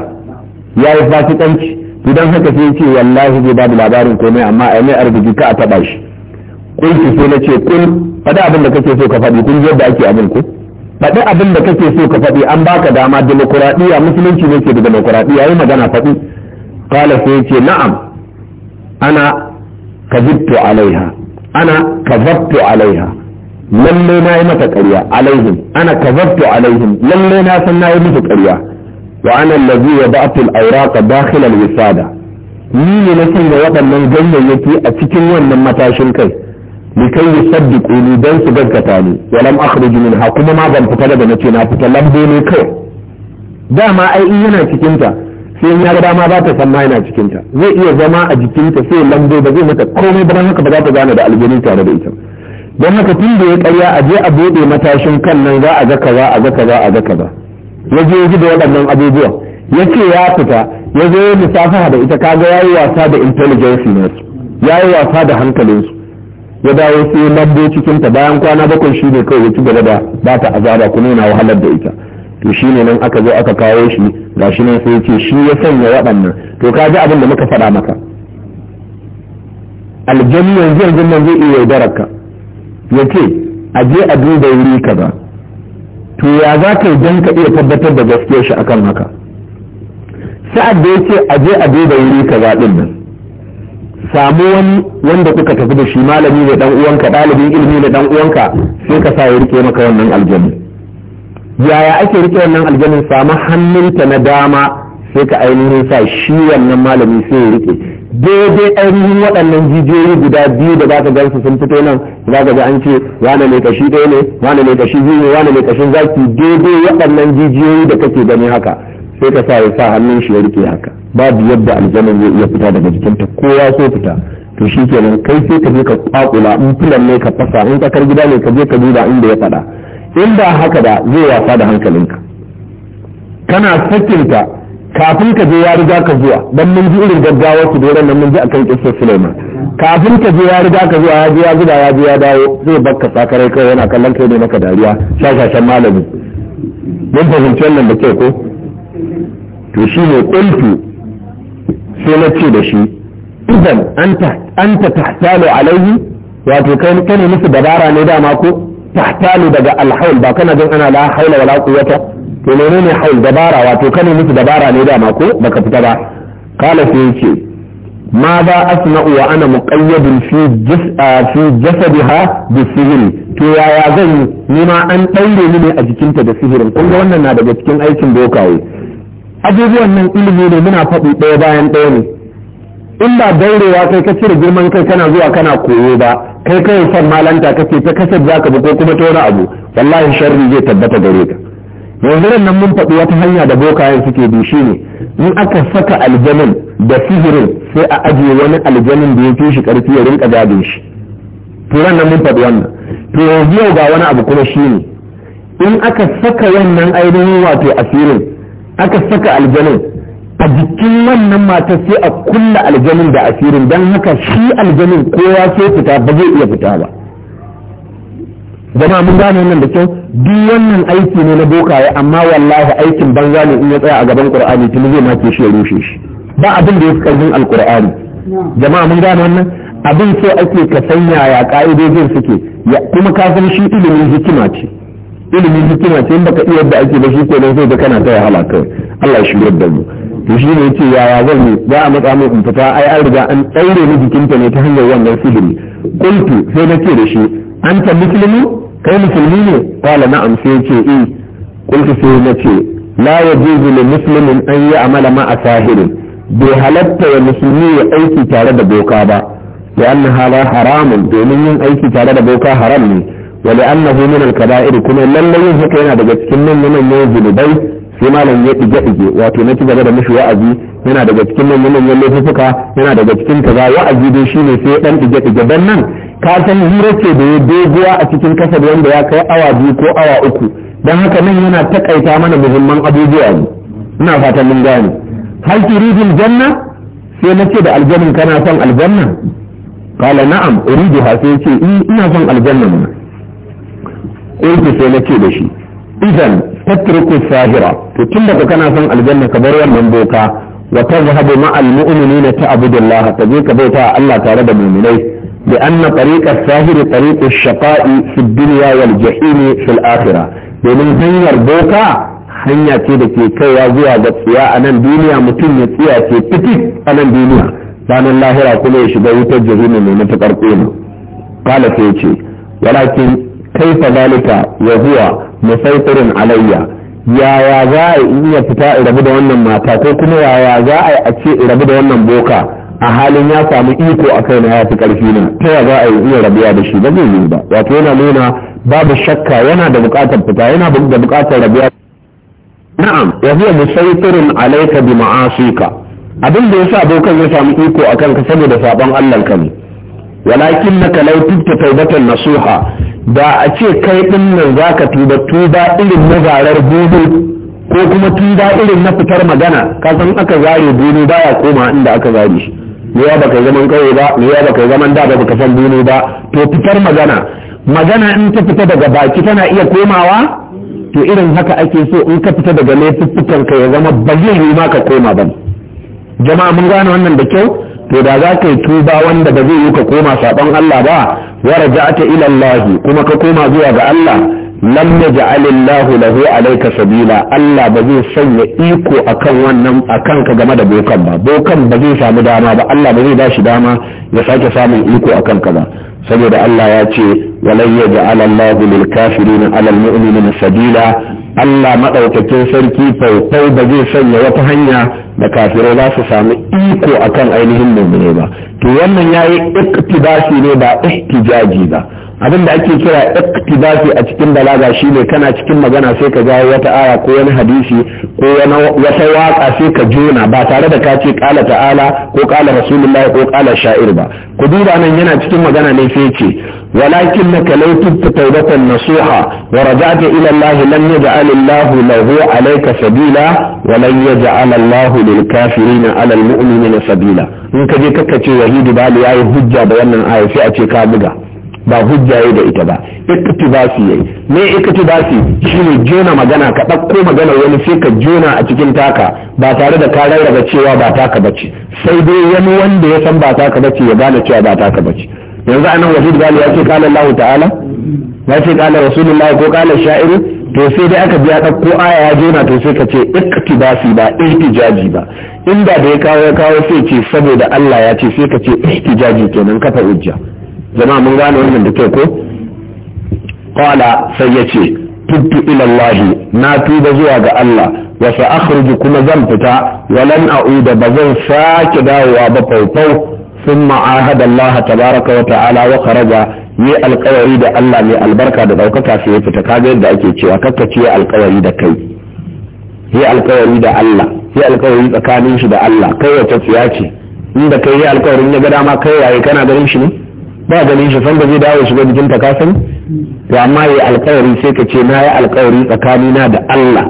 [SPEAKER 1] yayi fasikanci idan haka sai ce wallahi zai ba da labarin komai amma ai mai arziki ka a taɓa shi kulki sai na ce kun faɗi abin da kake so ka faɗi kun ji yadda ake abin ku faɗi abin da kake so ka faɗi an baka dama demokuraɗiyya musulunci ne ke da demokuraɗiyya yi magana faɗi kala sai ce na'am ana kazibtu alaiha ana kazabtu alaiha lalle na yi mata ƙarya alaihim ana kazabtu alaihim lalle na san na yi musu ƙarya wa ana aura yada'tu al-awraqa wisada ni ne na sanya waɗannan ganyayyaki a cikin wannan matashin kai likai yusaddiqu ni don su gaggata ni wa lam akhruj ha kuma ma ban fita daga nace na fita lambe ne kai dama ai in yana cikin ta sai in ya ga dama za ta san ma yana cikin ta zai iya zama a jikin ta sai lambe ba zai mata komai ba haka ba za ta gane da aljini tare da ita don haka tun da ya karya a je a bude matashin kan nan za a ga kaza a ga kaza a ga kaza ya je ya ji da waɗannan abubuwan ya ce ya fita ya zo ya musafaha da ita kaga ya yi wasa da intelligence ya yi wasa da hankalinsu ya dawo sai labbo cikin ta bayan kwana bakwai shi ne kawai ya ci gaba da ba ta azaba kuma yana wahalar da ita to shi ne nan aka zo aka kawo shi ga shi nan sai ya ce shi ya sanya waɗannan to ka ji abin da muka faɗa maka aljani yanzu yanzu nan zai iya yaudarar ka ya ce a je a duba wuri ba to ya za ka yi don ka iya tabbatar da gaskiyar shi akan haka sa'ad da ya ce a je a duba wuri ba ɗin nan samu wani wanda kuka tafi da shi malami da dan uwanka dalibin ilimi ne dan uwanka sai ka sa ya rike maka wannan aljanna yaya ake rike wannan aljanna samu hannunta na dama sai ka ainihin sa shi wannan malami sai ya rike daidai ainihin waɗannan jijiyoyi guda biyu da za ka gansu sun fito nan za ka ga an ce wane mai kashi ɗaya ne wane mai kashi biyu ne wane mai kashin zaki daidai waɗannan jijiyoyi da kake gani haka sai ka sa ya sa hannun shi ya rike haka babu yadda aljanin zai iya fita daga jikinta ko ya so fita to shi kenan kai sai ka je ka kwakula in filan ne ka fasa in tsakar gida ne ka je ka duba inda ya fada in ba haka da zai wasa da hankalinka kana sakinta kafin ka je ya riga ka zuwa dan mun ji irin gaggawa su da nan mun ji akan kissar Sulaiman kafin ka je ya riga ka zuwa ya je ya zuba ya je ya dawo zai bakka sakarai kai yana kallon kai ne maka dariya shashashan malami mun fahimci wannan da kyau ko to shi ne ƙultu sai na ce da shi idan an ta tahtalo alaihi wato kai musu dabara ne dama ko tahtalo daga alhaul ba kana jin ana la haula wala quwwata to menene haul dabara wato kane musu dabara ne dama ko baka fita ba kala sai yace ma za asna'u wa ana muqayyadun fi fi jasadiha bisihri to yaya zan yi ni ma an daure ni ne a jikinta da sihirin kun ga wannan na daga cikin aikin bokaye abubuwan nan ilimi ne muna faɗi ɗaya bayan ɗaya ne in ba daurewa kai ka cire girman kai kana zuwa kana koyo ba kai kai son malanta kake ta kasar za ka bi ko kuma ta wani abu wallahi sharri zai tabbata gare ka yanzu nan mun faɗi wata hanya da bokayen suke bi shi ne in aka saka aljanin da sihirin sai a ajiye wani aljanin da ya fi shi ƙarfi ya rinka gadin shi to nan mun faɗi wannan to yanzu yau ga wani abu kuma shi ne in aka saka wannan ainihin wato asirin aka saka aljanin a jikin wannan mata sai a kulla aljanin da asirin don haka shi aljanin kowa sai fita ba zai iya fita ba zama mun gane wannan da kyau duk wannan aiki ne na bokaye amma wallahi aikin banza ne in ya tsaya a gaban qur'ani tun zai mace shi ya rushe shi ba abin da ya fi alqur'ani jama'a mun gane wannan abin sai ake ka sanya ya ka'idojin suke kuma kafin shi ilimin hikima ce ilimin hikima ce baka iya yadda ake ba shi kenan sai ga kana ta wahala kai Allah ya shirya da mu to shi ne yace yaya zan yi za a matsa min in fita ai an riga an daure ni jikinta ne ta hanyar wannan sihiri kuntu sai nace da shi anta muslimu kai musulmi ne qala na'am sai yace eh kuntu sai nace la yajuzu lil muslimin an ya'mala a sahirin bai halatta wa musulmi ya aiki tare da boka ba ya anna haramun domin yin aiki tare da boka haram ne wa li'annahu min al-kaba'ir kuma lallai yana daga cikin manyan manyan zunubai sai malam ya dige dige wato na ci gaba da mishi wa'azi yana daga cikin manyan manyan laifuka yana daga cikin kaza wa'azi dai shine sai dan dige dige dan nan ka san hira ce da ya doguwa a cikin kasar wanda ya kai awa biyu ko awa uku dan haka nan yana takaita mana muhimman abubuwa ne ina fatan mun gane hal turidul janna sai nace da aljannin kana son aljanna qala na'am uriduha sai ce ina son aljanna mana irin sai nake da shi idan tatruku sahira to tun da kana son aljanna ka bar wannan boka wa tazhabu ma al mu'minina ta abudullah ka je ka bauta Allah tare da mu'minai da anna tariqa sahiri tariqu shaqa'i fi dunya wal jahim fi al domin hanyar boka hanya ce da ke ya zuwa ga tsiya a nan duniya mutum ya tsiya ce fitit a nan duniya ranar lahira kuma ya shiga wutar jahimi mai matuƙar ƙuna kala sai ce walakin kaifa zalika ya zuwa alayya yaya za a iya fita in rabu da wannan mata ko kuma yaya za a a ce in rabu da wannan boka a halin ya samu iko a kaina ya fi karfi na ta ya za a iya rabuwa da shi ba zai yi ba wato yana nuna babu shakka yana da fita yana da rabuwa na'am ya huwa alayka abin da yasa bokan ya samu iko akan saboda sabon Allah ka ne walakin naka lau tubta taubatan nasuha da a ce kai din nan zaka tuba tuba irin mazarar zarar gobe ko kuma tuba irin na fitar magana ka san aka zare duni baya koma inda aka zare shi me ya baka zaman kai ba me ya baka zaman da ba baka san duni ba to fitar magana magana in ta fita daga baki tana iya komawa to irin haka ake so in ka fita daga fitan ka ya zama ba zai yi ma ka koma ba jama'a mun gane wannan da kyau to da za ka yi tuba wanda ba zai yi ka koma saɓon Allah ba wa raja'ata ila Allah kuma ka koma zuwa ga Allah lam yaj'al Allah lahu alayka sabila Allah ba zai sanya iko akan wannan akan ka game da bokan ba bokan ba zai samu dama ba Allah ba zai ba shi dama ya sake samun iko akan ka ba saboda Allah ya ce walan yaj'al Allah lil kafirin ala al mu'minin sabila Allah madaukakin sarki faufau ba zai sanya wata hanya da kafirai za su samu iko akan ainihin mummune ba to wannan ya yayi iktibasi ne ba ihtijaji ba abin da ake kira iktibasi a cikin balaga ne kana cikin magana sai ka gawo wata aya ko wani hadisi ko wata waka sai ka jona ba tare da ka ce kala ta'ala ko kala rasulullahi ko kala sha'ir ba ku duba nan yana cikin magana ne sai ce ولكنك لو تبت توبة نصوحة ورجعت إلى الله لن يجعل الله له عليك سبيلا ولن يجعل الله للكافرين على المؤمنين سبيلا إنك جيك كتي وهيد بالي wannan هجة بيانا ce فئة كابقة ba hujja da ita ba iktibasi yayi me iktibasi shine jona magana ka ɗauko magana wani sai ka jona a cikin taka ba tare da ka rarraba cewa ba taka bace sai dai wani wanda ya san ba taka bace ya gane cewa ba taka bace yanzu anan wajid gali ya ce kala Allah ta'ala ya ce kala rasulullah ko kala sha'iru to sai dai aka biya ɗauko aya ya jona to sai ka ce iktibasi ba ihtijaji ba inda da ya kawo ya kawo sai ce saboda Allah ya ce sai ka ce ihtijaji kenan kafa hujja jama'a mun gane wannan da kyau ko qala sai ya ce tubtu ila Allah na tuba zuwa ga Allah wa sa'akhruju kuma zan fita walan a'uda bazan sake dawowa ba faufau ثم عاهد الله تبارك وتعالى وخرج yi alkawari da Allah mai albarka da daukaka sai ya fita kaga yadda ake cewa kakka ce alkawari da kai yi alkawari da Allah yi alkawari tsakanin shi da Allah kai wata tsiya ce inda kai yi alkawarin ya ga dama kai yayi kana ganin shi ne ba ganin shi san da zai dawo shiga jikin ta kasan to amma yi alkawari sai ka ce na yi alkawari tsakanina da Allah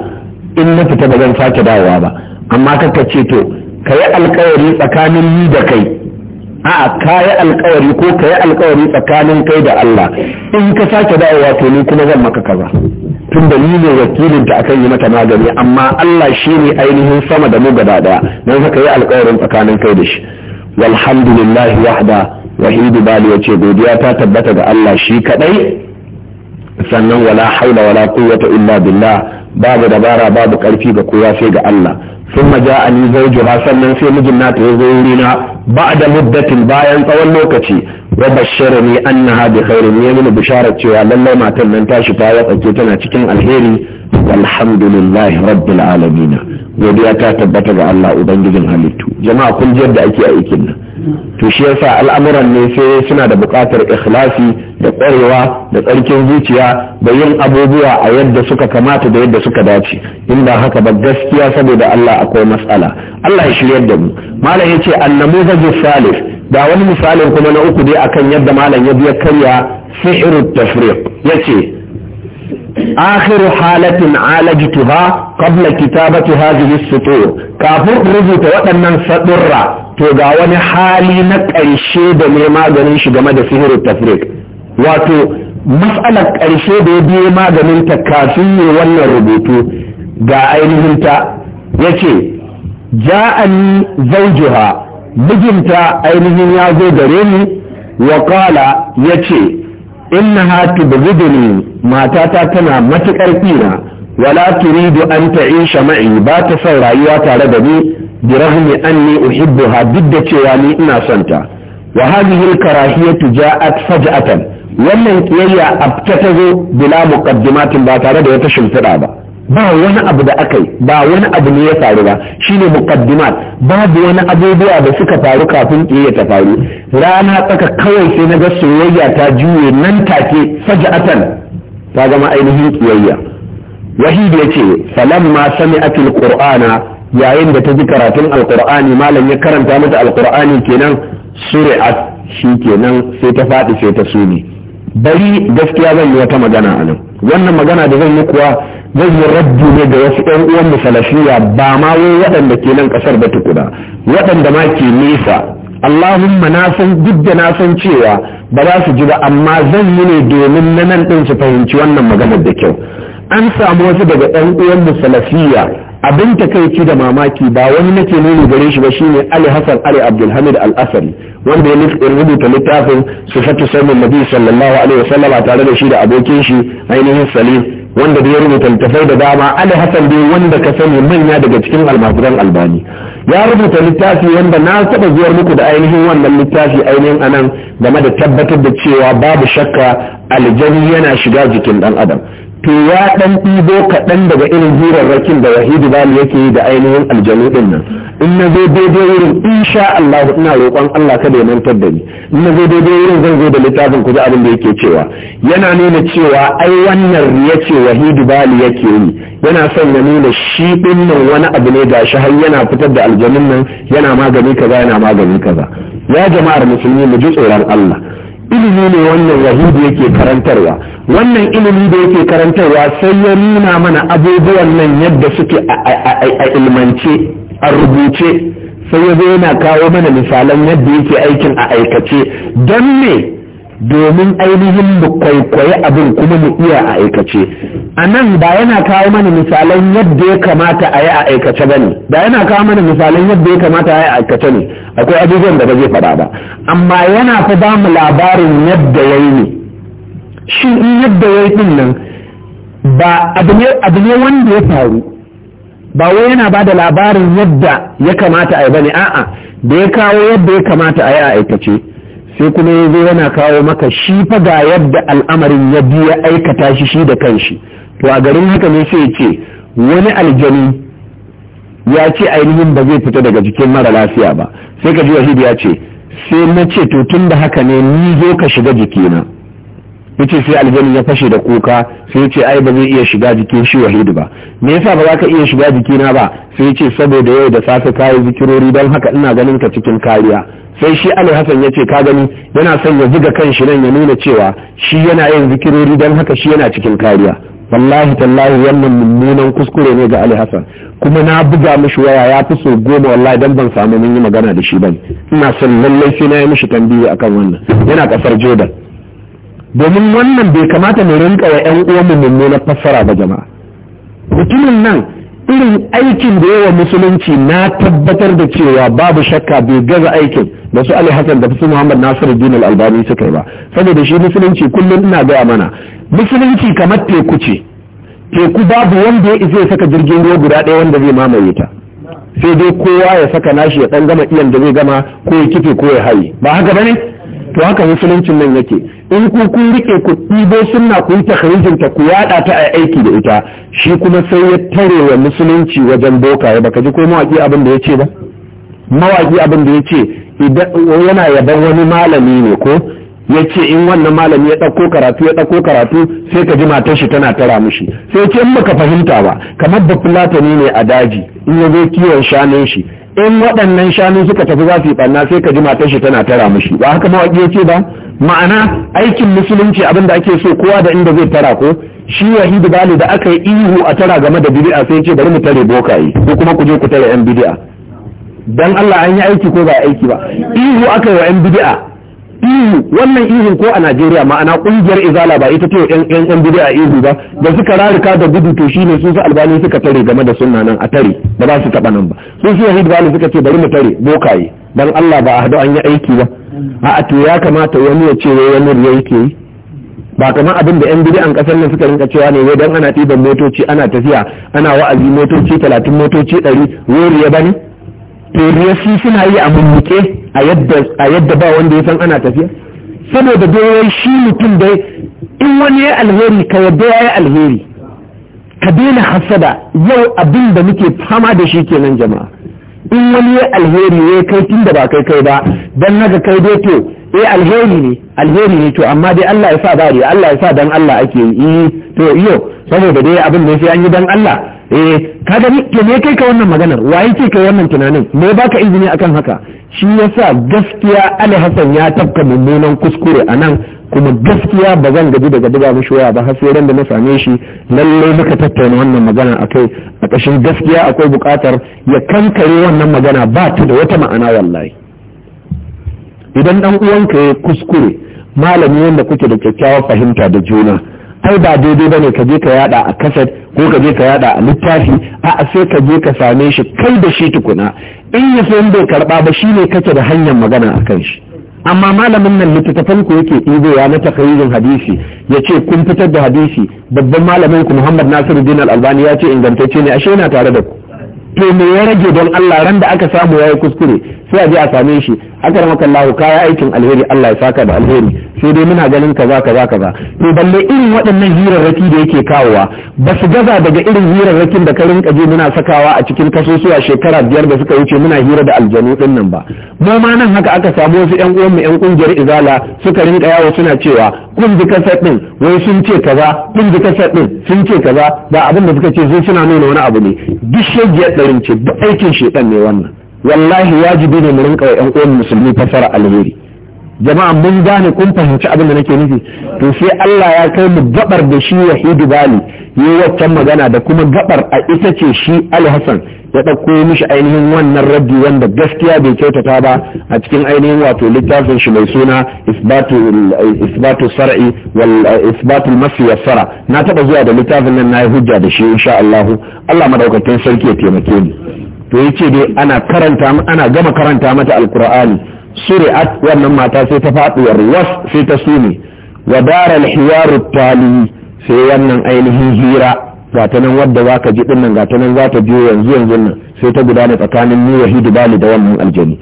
[SPEAKER 1] in na fita ba zan sake dawowa ba amma kakka ce to ka yi alkawari tsakanin ni da kai a'a kayi alkawari ko kayi alkawari tsakanin kai da Allah in ka sake dawowa to ni kuma zan maka kaza tun da ni ne wakilin ta akan yi mata magani amma Allah shi ne ainihin sama da mu gaba daya don haka yi alkawarin tsakanin kai da shi Walhamdulillah, wahda wahidu bali yace godiya ta tabbata ga Allah shi kadai sannan wala haula wala quwwata illa billah babu dabara babu karfi ga kowa sai ga Allah sun maja a ni zaujuha sannan sai mijin nata ya zo na ba da muddatin bayan tsawon lokaci wa bashara ni annaha bi khairin ya mini bisharar cewa lallai matan nan tashi ta ya tsake tana cikin alheri walhamdulillahi rabbil alamin godiya ta tabbata ga Allah ubangijin halittu jama'a kun yadda ake aikin nan to shi yasa al'amuran ne sai suna da buƙatar ikhlasi da ƙwarewa da tsarkin zuciya da yin abubuwa a yadda suka kamata da yadda suka dace in ba haka ba gaskiya saboda Allah akwai matsala Allah ya shiryar da mu malam yace annamuzaju salih da wani misalin kuma na uku dai akan yadda malam ya biya karya sihiru tafriq yace آخر حالة عالجتها قبل كتابة هذه السطور كافر رجوت وأن سطر تداون حالي نكأرشي دميما غنيش جمد سهر التفريق واتو مسألة أرشي دميما غنين تكافي وأن ربوتو جاء أينهم تا يكي جاءني زوجها مجمتا أينهم يازو دريني وقال يكي innaha tubghiduni matata tana matukar kira wala turidu an ta'isha ma'i ba ta son rayuwa tare da ni bi rahmi anni uhibbuha duk da cewa ni ina son ta wa hadhihi al-karahiyatu ja'at faj'atan wannan kiyayya abta tazo bila muqaddimatin ba tare da wata shimfiɗa ba ba wani abu da aka yi ba wani abu ne ya faru ba shine muqaddimat babu wani abubuwa da suka faru kafin ya ta faru rana tsaka kawai sai na ga soyayya ta juye nan take saja'atan ta zama ainihin kiyayya wahid ya ce falamma sami'atul qur'ana yayin da ta ji karatun alqur'ani malam ya karanta mata alqur'ani kenan suri'at shi kenan sai ta faɗi sai ta suni bari gaskiya zan yi wata magana a nan wannan magana da zan yi kuwa zai yi rabbi ne ga wasu ɗan uwan musalashiya ba ma wai waɗanda ke nan ƙasar ba tukuna waɗanda ma ke nesa Allahumma na san duk da na san cewa ba za su ji ba amma zan yi ne domin na nan ɗin su fahimci wannan maganar da kyau an samu wasu daga ɗan uwan musalafiya abin takaici da mamaki ba wani nake nuni gare shi ba shine Ali Hassan Ali Abdulhamid Al-Asari wanda ya rubuta littafin sifatu sanin Nabi sallallahu alaihi wasallam tare da shi da abokin shi ainihin Salim wanda da ya rubuta littafai da dama ali hasan dai wanda ka sani manya daga cikin almasiran albani ya rubuta littafi wanda na taba zuwar muku da ainihin wannan littafi ainihin anan game da tabbatar da cewa babu shakka aljani yana shiga jikin dan adam to ya ɗan ɗibo kaɗan daga irin hirarrakin da wahidu bali yake yi da ainihin aljanu ɗin nan in na zo daidai wurin insha Allah ina roƙon Allah kada ya mantar da ni in na zo daidai wurin zan zo da littafin ku abin da yake cewa yana nuna cewa ai wannan riya ce wahidu bali yake yi yana son ya nuna shi ɗin nan wani abu ne ga shi har yana fitar da aljanun nan yana magani kaza yana magani kaza ya jama'ar musulmi mu ji tsoron Allah ilimi ne wannan yahudu yake karantarwa wannan ilimi da yake karantarwa sai ya nuna mana abubuwan nan yadda suke a ilmance a rubuce sai ya zo yana kawo mana misalan yadda yake aikin a aikace don me domin ainihin mu kwaikwayi abin kuma mu iya a aikace a nan ba yana kawo mana misalan yadda ya kamata a yi a aikace ba ne ba yana kawo mana misalan yadda ya kamata a yi a aikace ne akwai abubuwan da zai faɗa ba amma yana fa ba mu labarin yadda ya yi ne shi in yadda ya yi ɗin nan ba abu ne wanda ya faru ba wai yana ba da labarin yadda ya kamata a yi ba ne a'a da ya kawo yadda ya kamata a yi a aikace sai kuma ya zo yana kawo maka shi fa ga yadda al'amarin ya biya aikata shi shi da kanshi to a garin haka ne sai ce wani aljani ya ce ainihin ba zai fita daga jikin mara lafiya ba sai ka ji wahid ya ce sai na ce to tun da haka ne ni zo ka shiga jikina ya ce sai aljani ya fashe da kuka sai ya ce ai ba zai iya shiga jikin shi wahidu ba me yasa ba za ka iya shiga jikina ba sai ya ce saboda yau da safe kayi zikirori don haka ina ganin ka cikin kariya sai shi ali hassan ya ce ka gani yana son ya buga kan shi nan ya nuna cewa shi yana yin zikirori don haka shi yana cikin kariya wallahi tallahi wannan mummunan kuskure ne ga ali hassan kuma na buga mishi waya ya fi so goma wallahi don ban samu mun yi magana da shi bane ina son lallai sai na yi mishi tambayi akan wannan yana kasar jordan domin wannan bai kamata mu rinka wa yan uwanmu mummunan fassara ba jama'a mutumin nan irin aikin da yawa musulunci na tabbatar da cewa babu shakka bai gaza aikin da su Ali Hassan da su Muhammad Nasiru Din Albani suka yi ba saboda shi musulunci kullum ina gaya mana musulunci kamar teku ce teku babu wanda ya isa ya saka jirgin ruwa guda ɗaya wanda zai mamaye ta sai dai kowa ya saka nashi ya ɗan gama iyan da zai gama ko ya kife ko ya haye ba haka ba ne? to haka musuluncin nan yake in ku kun rike ku ɗibo sunna ku yi ta ku yada ta a aiki da ita shi kuma sai ya tare wa musulunci wajen Ba baka ji ko mawaki abin da ce ba mawaki abin da idan yana yaban wani malami ne ko yace in wannan malami ya ɗauko karatu ya ɗauko karatu sai ka ji matar shi tana tara mishi sai ce in baka fahimta ba kamar da fulatani ne a daji in ya zo kiwon shanun shi in waɗannan shanu suka tafi za su yi ɓanna sai ka ji matar shi tana tara mushi ba haka mawaƙi ya ce ba ma'ana aikin musulunci abin da ake so kowa da inda zai tara ko shi wahidu bali da aka yi ihu a tara game da bidi'a sai ce bari mu tare bokaye ko kuma ku je ku tare yan bidi'a dan Allah an yi aiki ko ba aiki ba ihu aka yi wa yan bidi'a ihu wannan ihu ko a Najeriya ma'ana kungiyar izala ba ita ce yan yan a ihu ba da suka rarika da gudu to shine su su albani suka tare game da sunna nan a tare ba za su taba nan ba su su yahid bali suka ce bari mu tare bokaye dan Allah ba a hadu an yi aiki ba a to ya kamata wani ya ce wani ya yake yi ba kamar abin da yan bid'an kasar nan suka rinka cewa ne wai dan ana ɗiban motoci ana tafiya ana wa'azi motoci talatin motoci ɗari wuri ya bani. to shi suna yi a mummuke a yadda ba wanda ya san ana tafiya saboda doyon shi mutum da in wani ya alheri ka yadda ya yi alheri ka daina hasada yau abin da muke fama da shi kenan jama'a in wani ya alheri ya kai tun da ba kai kai ba don naga kai dai to eh alheri ne alheri ne to amma dai Allah ya sa bari Allah ya sa dan Allah ake yi eh, to iyo saboda dai abin da sai an yi dan Allah eh ka gani to me kai ka wannan maganar wa yake kai wannan tunanin me baka izini akan haka shi yasa gaskiya Ali Hassan ya tafka mummunan kuskure a nan kuma gaskiya ba zan gaji daga diga mishi waya ba har sai ran da na same shi lalle muka tattauna wannan magana akai a kashin gaskiya akwai buƙatar ya kankare wannan magana ba ta da wata ma'ana wallahi idan dan uwanka ya kuskure malami wanda kuke da kyakkyawar fahimta da juna Kai ba daidai bane ka je ka yada a kaset ko ka je ka yada a littafi a sai ka je ka same shi kai da shi tukuna in ya san bai karba ba shine kake da hanyar magana akan shi amma malamin nan littattafan ku yake ya na takaririn hadisi ya ce kun fitar da hadisi babban malamin ku muhammad nasiru al albani ya ce ingantacce ne ashe yana tare da ku to me ya rage don allah ran da aka samu yayi kuskure sai a je a same shi a maka Allah kaya aikin alheri Allah ya saka da alheri sai dai muna ganin kaza kaza kaza to balle irin waɗannan hirarraki da yake kawowa ba su gaza daga irin hirarrakin da ka rinka je muna sakawa a cikin kasusuwa shekara biyar da suka wuce muna hira da aljanu din nan ba mu ma nan haka aka samu wasu ƴan uwan mu ƴan kungiyar izala suka rinka yawo suna cewa kun ji kasar ɗin wai sun ce kaza kun ji kasar din sun ce kaza ba abin da suka ce sun suna nuna wani abu ne duk shegiyar ɗarin ce duk aikin shedan ne wannan wallahi wajibi ne mu rinka wa 'yan uwan musulmi fasara alheri jama'a mun gane kun fahimci abin da nake nufi to sai Allah ya kai mu gabar da shi Wahidu Bali yi waccan magana da kuma gabar a ita ce shi Ali Hassan ya ɗauko mishi ainihin wannan raddi wanda gaskiya bai kyautata ba a cikin ainihin wato littafin shi mai suna isbatu sar'i wal isbatu na taba zuwa da littafin nan na yi hujja da shi insha Allah Allah madaukakin sarki ya taimake ni to ce dai ana karanta ana gama karanta mata alqur'ani suri'at wannan mata sai ta faɗi warwas sai ta sume wa daral hiwaru tali sai wannan ainihin hira gata nan wadda za ka ji dinnan, ga gata nan za ta biyo yanzu yanzu nan sai ta gudana tsakanin ni wa hidibali da wannan aljani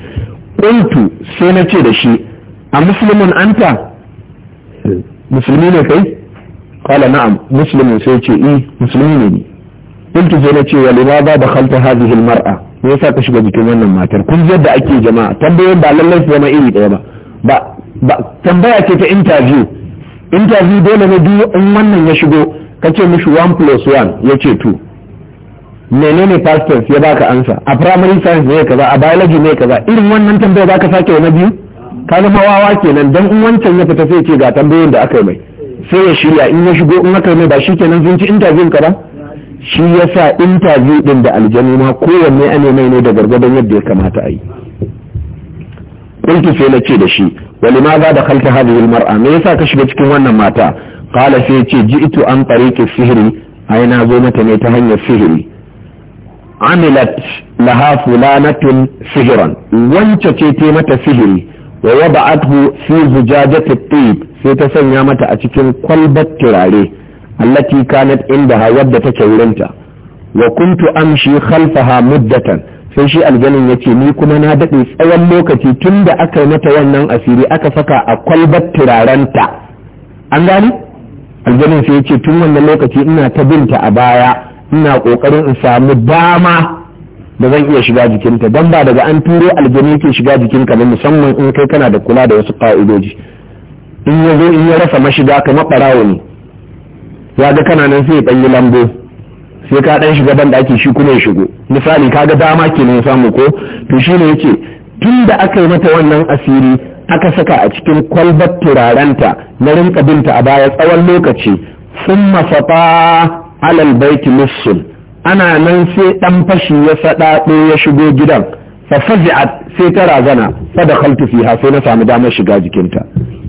[SPEAKER 1] kuntu sai na ce da shi a muslimun anta eh, musulmi ne kai Kala na'am musulmin sai ce i eh, musulmi ne ni kuntu sai na ce wa limaza da khalta hadhihi almar'a me yasa ka shiga jikin wannan matar kun yadda ake jama'a tambayoyin ba lallai su zama iri daya ba ba tambaya ce ta interview interview dole ne duk in wannan ya shigo kace mishi 1 plus 1 ce 2 menene pastors ya baka ansa a primary science ne kaza a biology ne kaza irin wannan tambaya zaka sake na biyu ka zama wawa kenan dan in wancan ya fita sai ce ga tambayoyin da aka yi mai sai ya shirya in ya shigo in aka yi mai ba shikenan sun ci interview ka ba shi yasa interview din da aljanu ma kowanne ne mai ne da gargadon yadda ya kamata a yi kuntu sai na ce da shi wani ma za da kalta hadhihi mar'a me yasa ka shiga cikin wannan mata qala sai ce ji'tu an ki sihiri ai na zo mata ne ta hanyar sihiri amilat laha fulanatun sihiran wance ce ta mata sihiri wa wada'athu fi zujajati tib sai ta sanya mata a cikin kwalbar turare allati kanat indaha wadda take wurinta wa kuntu amshi khalfaha muddatan sai shi aljanin yace ni kuma na daɗe tsawon lokaci tun da aka yi mata wannan asiri aka saka a kwalbar turarenta an gani aljanin sai yace tun wannan lokaci ina ta binta a baya ina kokarin in samu dama da zan iya shiga jikinta don ba daga an turo aljani yake shiga jikinka ba musamman in kai kana da kula da wasu ka'idoji in ya zo in ya rasa mashiga kamar barawo ne ya ga kana nan sai ɗanyi lambo sai ka ɗan shiga ban ake shi kuma ya shigo misali ka ga dama ke nan samu ko to shi ne yake tun da aka yi mata wannan asiri aka saka a cikin kwalbar turarenta na rinka binta a baya tsawon lokaci sun mafafa alal baiti musul ana nan sai ɗan fashi ya saɗaɗo ya shigo gidan fa sai ta razana fa da fiha sai na samu damar shiga jikinta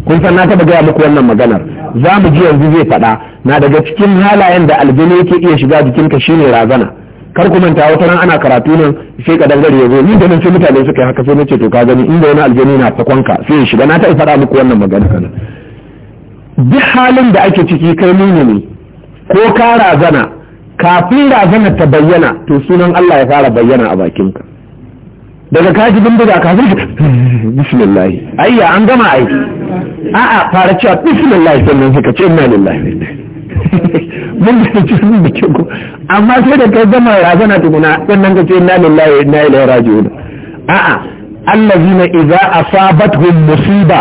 [SPEAKER 1] kun san na taba gaya muku wannan maganar za mu ji yanzu zai faɗa na daga cikin halayen da aljini yake iya shiga jikinka shine razana kar ku manta wata ran ana karatu nan sai ka dangare ya zo ni da nan sai mutane suka yi haka sai nace to ka gani inda wani aljini na ka sai ya shiga na taɓa faɗa muku wannan maganar duk halin da ake ciki kai nuni ne ko ka razana kafin razana ta bayyana to sunan Allah ya fara bayyana a bakinka daga kaji bindiga kafin bismillah ayya an gama ai a'a fara cewa bismillah sannan suka ce inna lillahi mun da ci sun da ko. amma sai da kai gama razana tukuna sannan ka ce inna lillahi inna ilaihi raji'un a'a allazina idza asabatuhum musiba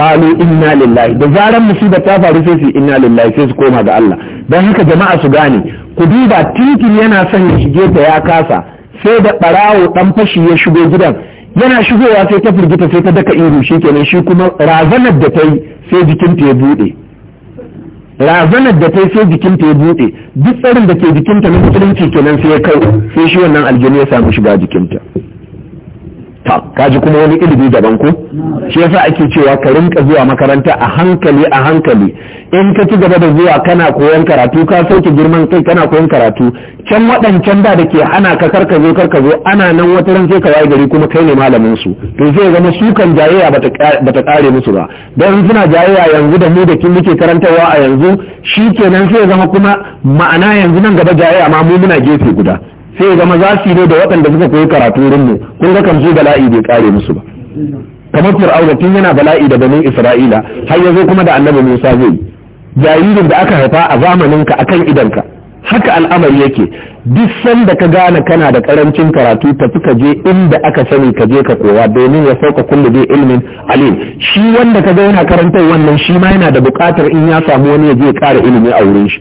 [SPEAKER 1] qalu inna lillahi da zaran musiba ta faru sai su inna lillahi sai su koma ga Allah dan haka jama'a su gane ku duba titin yana son ya shige ta ya kasa sai da barawo dan fashi ya shigo gidan yana shigowa sai ta firgita sai ta daka ihu shi kenan shi kuma razanar da ta yi sai jikinta ya buɗe razanar da ta yi sai jikinta ya buɗe duk tsarin da ke jikinta na musulunci kenan sai ya kau sai shi wannan aljini ya samu shiga jikinta ta kaji kuma wani ilimi daban ko shi yasa ake cewa ka rinka zuwa makaranta a hankali a hankali in ka ci gaba da zuwa kana koyon karatu ka sauke girman kai kana koyon karatu can waɗancan da da ke hana ka karka zo karka zo ana nan wata ran sai ka waye gari kuma kai ne malamin su to zai zama sukan kan jayayya bata kare musu ba dan suna jayayya yanzu da mu da kin muke karantarwa a yanzu shi kenan sai zama kuma ma'ana yanzu nan gaba jayayya ma mu muna gefe guda sai ya zama za su yi da waɗanda suka koyi karatu wurin mu kun ga kamsu bala'i bai kare musu ba kamar fir'auna tun yana bala'i da banin isra'ila har ya zo kuma da annabi musa zai jaririn da aka haifa a zamaninka akan idanka haka al'amari yake duk sanda ka gane kana da karancin karatu tafi ka je inda aka sani ka je ka kowa, domin ya sauka kullu bi ilmin alim shi wanda ka ga yana karantar wannan shi ma yana da bukatar in ya samu wani ya je ya kara ilimi a wurin shi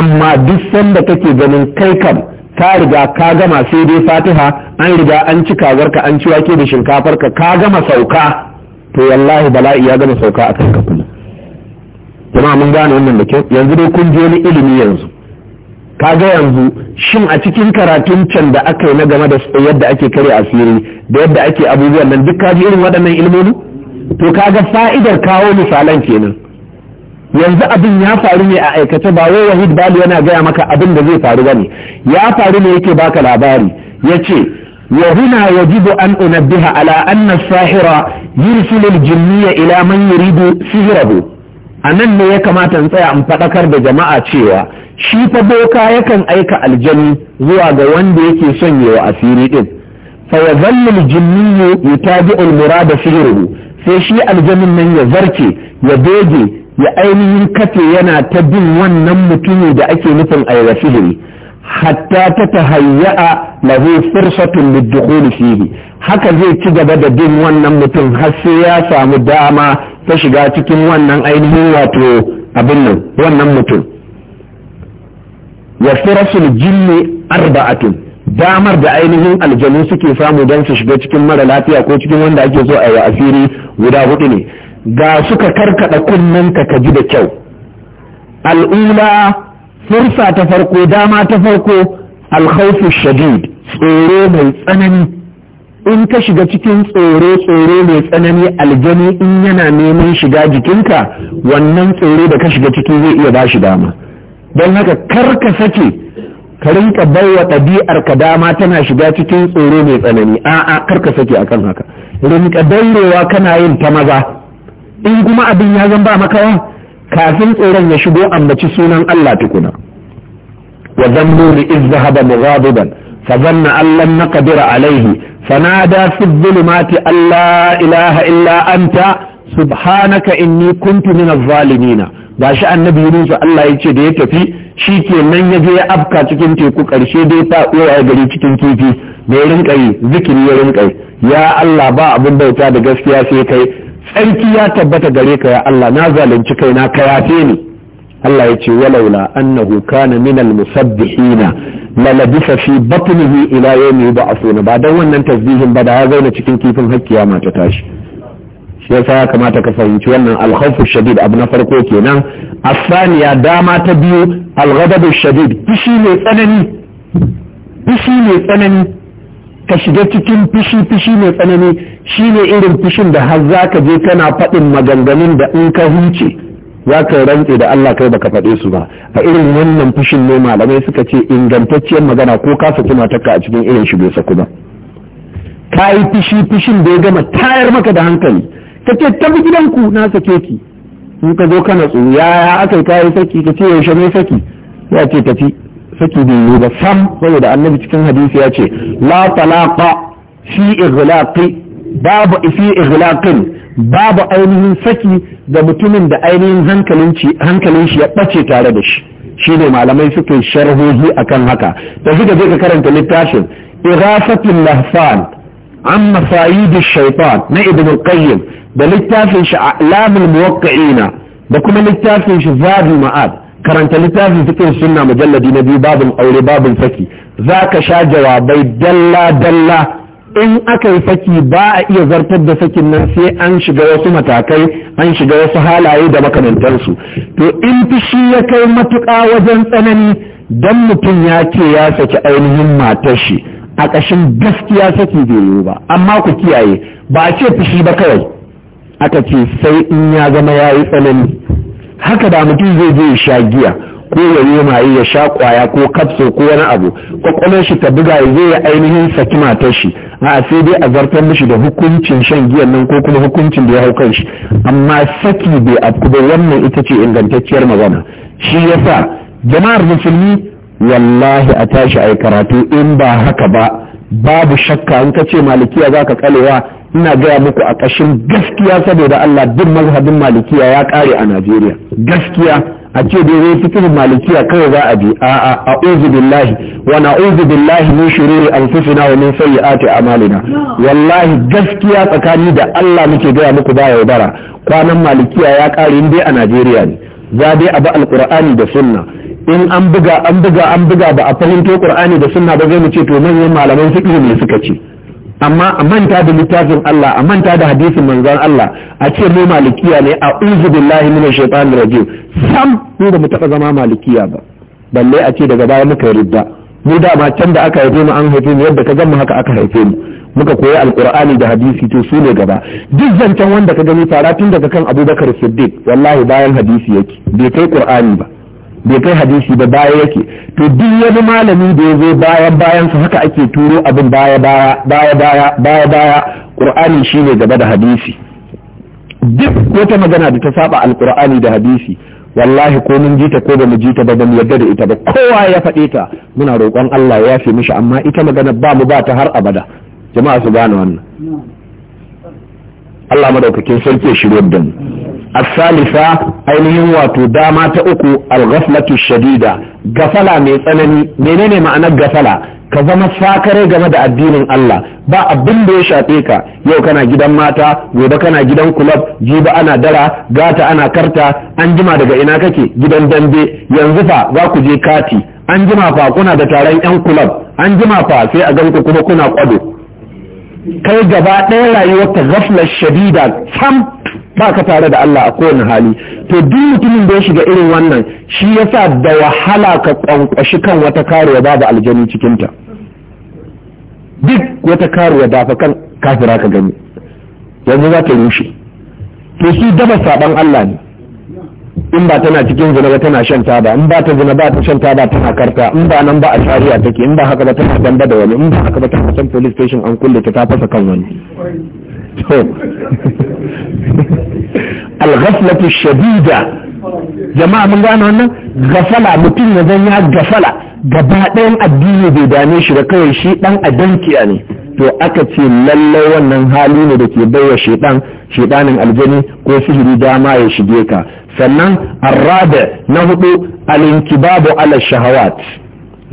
[SPEAKER 1] amma duk sanda kake ganin kai kam ka riga ka gama sai dai fatiha an riga an ci kazarka an ci wake da shinkafarka ka gama sauka to wallahi bala'i ya gama sauka a kan kafin kuma mun gane wannan da kyau yanzu dai kun je ni ilimi yanzu ka ga yanzu shin a cikin karatun can da aka yi na game da yadda ake kare asiri da yadda ake abubuwan nan duk ka ji irin waɗannan ilmomi to ka ga fa'idar kawo misalan kenan yanzu abin ya faru ne a aikace ba wai wahid bali yana gaya maka abin da zai faru bane ya faru ne yake baka labari yace wa huna yajibu an unabbiha ala anna sahira yursilu al-jinniya ila man yuridu sihrahu anan ne ya kamata in tsaya in fadakar da jama'a cewa shi fa boka yakan aika aljani zuwa ga wanda yake son yawa asiri din fa yazallu al-jinniyu yutabi'u al-murada sihruhu sai shi aljanin nan ya zarce ya doge ya ainihin kafe yana ta bin wannan mutumi da ake nufin aiwa sihiri hatta ta tahayya'a lahu fursatun lidukhuli fihi haka zai ci gaba da bin wannan mutum har sai ya samu dama ta shiga cikin wannan ainihin wato abin nan wannan mutum ya furasul jinni arba'atun damar da ainihin aljanu suke samu don su shiga cikin mara lafiya ko cikin wanda ake so a yi asiri guda hudu ne ga suka karkada kunnanka ka ji da kyau al'ula fursa ta farko dama ta farko alkhawfu shadid tsoro mai tsanani in ka shiga cikin tsoro tsoro mai tsanani aljani in yana neman shiga jikinka wannan tsoro da ka shiga ciki zai iya ba shi dama don haka kar ka sake ka rinka baiwa ɗabi'ar ka dama tana shiga cikin tsoro mai tsanani a'a kar ka sake akan haka rinka daurewa kana yin ta maza in kuma abin ya zan ba makawa kafin tsoron ya shigo ambaci sunan Allah tukuna wa zannuni iz zahaba mughadiban fa zanna an lan naqdir alayhi fanada fi dhulumati alla ilaha illa anta subhanaka inni kuntu min adh-dhalimin gashi annabi Yunus Allah yace da ya tafi shi kenan ya je ya afka cikin teku karshe dai ta uwa gari cikin kifi mai rinƙayi zikiri ya yi. ya Allah ba abin bauta da gaskiya sai kai tsarki ya tabbata gare ka ya Allah na zalunci kaina ka yafe ni Allah ya ce walaula annahu kana minal musabbihina la labisa fi batnihi ila yawmi yub'athuna ba dan wannan tasbihin ba da ya zauna cikin kifin hakkiya ma ta tashi shi yasa ya kamata ka fahimci wannan alkhawfu shadid abu na farko kenan asaniya dama ta biyu alghadabu shadid fushi ne tsanani mai tsanani ka shiga cikin fushi-fushi mai tsanani shi ne irin fishin da har za ka je kana faɗin maganganun da in ka huce za ka rantse da Allah kai baka faɗe su ba a irin wannan fishin ne malamai suka ce ingantacciyar magana ko ka saki matarka a cikin irin shi bai saku ba ka yi fushi fushin da ya gama tayar maka da hankali ka ce tafi gidanku na sake ki in ka zo kana tsoro yaya aka yi kayi saki ka ce yaushe mai saki ya ce tafi saki bai yi ba sam saboda annabi cikin hadisi ya ce la talaqa fi ighlaqi babu fi ighlaqin babu ainihin saki ga mutumin da ainihin hankalin shi ya ɓace tare da shi shi ne malamai suke sharhohi akan haka da suka je ka karanta littafin irafatun lahfan an masayidi shaitan na ibnu qayyim da littafin shi lamul muwaqqi'ina da kuma littafin shi zabi ma'ad karanta littafin fikin sunna mujalladi na biyu babin aure babin saki za ka sha jawabai dalla dalla in aka yi saki ba a iya zartar da sakin nan sai an shiga wasu matakai an shiga wasu halaye da makamantansu to in fushi ya kai matuƙa wajen tsanani dan mutum ya ce ya saki ainihin matar shi a ƙashin gaskiya saki bai yiwu ba amma ku kiyaye ba a ce fushi ba kawai aka ce sai in ya zama ya yi tsanani haka da mutum zai je ya sha giya ko ya yi maye ya sha kwaya ko kafso ko wani abu kwakwalon shi ta buga ya zai ya ainihin saki matar shi a sai dai a zartar mishi da hukuncin shan giyan nan ko kuma hukuncin da ya hau kan shi amma saki bai afku ba wannan ita ce ingantacciyar magana shi yasa jama'ar musulmi wallahi a tashi a karatu in ba haka ba babu shakka in ka ce malikiya za ka kalewa ina gaya muku a ƙashin gaskiya saboda Allah duk mazhabin malikiya ya ƙare a Najeriya gaskiya a ce dai zai fikin malikiya kawai za a bi a a a'udhu billahi wa na'udhu billahi min shururi anfusina wa min sayyiati a'malina wallahi gaskiya tsakani da Allah muke gaya muku ba bara kwanan malikiya ya ƙare in dai a Najeriya ne za dai a bi alqur'ani da sunna in an buga an buga an buga ba a fahimto qur'ani da sunna ba zai mu ce to manyan malaman fiqh ne suka ce amma a manta da littafin Allah a manta da hadisin manzon Allah a ce mu malikiya ne a uzu billahi minash shaitanir rajim sam mu ba mu taba zama malikiya ba balle a ce daga baya muka ridda mu da ma can da aka haife mu an haife mu yadda ka zama haka aka haife mu muka koyi alkur'ani da hadisi to su ne gaba duk zancen wanda ka gani fara tun daga kan abubakar siddiq wallahi bayan hadisi yake bai kai qur'ani ba bai kai hadisi ba baya yake to duk wani malami da ya zo bayan bayan su haka ake turo abin baya baya baya baya baya qur'ani shine gaba da hadisi duk wata magana da ta saba alqur'ani da hadisi wallahi ko mun jita ko bamu jita ba bamu yadda da ita ba kowa ya faɗe ta muna roƙon Allah ya yafe mishi amma ita magana ba mu ba ta har abada jama'a su gane wannan Allah madaukakin sarki shi shirye da mu asalisa ainihin wato dama ta uku alghaflatu shadida gafala mai tsanani menene ma'anar gafala ka zama sakare game da addinin Allah ba abin da ya shafe ka yau kana gidan mata gobe kana gidan kulab jiba ana dara gata ana karta an jima daga ina kake gidan dambe yanzu fa za ku je kati an jima fa kuna da taron yan kulab an jima fa sai a ganku kuma kuna kwado kai gaba ɗaya rayuwarta, gaflar shadida sam ba ka tare da Allah a kowane hali to duk mutumin da ya shiga irin wannan shi yasa da wahala ka kwankwashi kan wata karuwa babu aljanu cikinta duk wata karuwa dafa kan kafira ka gani yanzu za ta rushe to su daba saban Allah ne in ba tana cikin zina ba tana shan taba in ba ta zina ba ta shan taba tana karta in ba nan ba a shari'a take in ba haka ba tana damba da wani in ba haka ba tana san police station an kulle ta ta fasa kan wani to al-ghaflatu shadida jama'a mun gane wannan gafala mutum ya zan gafala gaba ɗayan addini bai dame shi da kawai shi ɗan adankiya ne to aka ce lallai wannan hali ne da ke baiwa shaidan shaidanin aljani ko sihiri dama ya shige ka sannan arrabe na hudu alinkibabu ala shahawat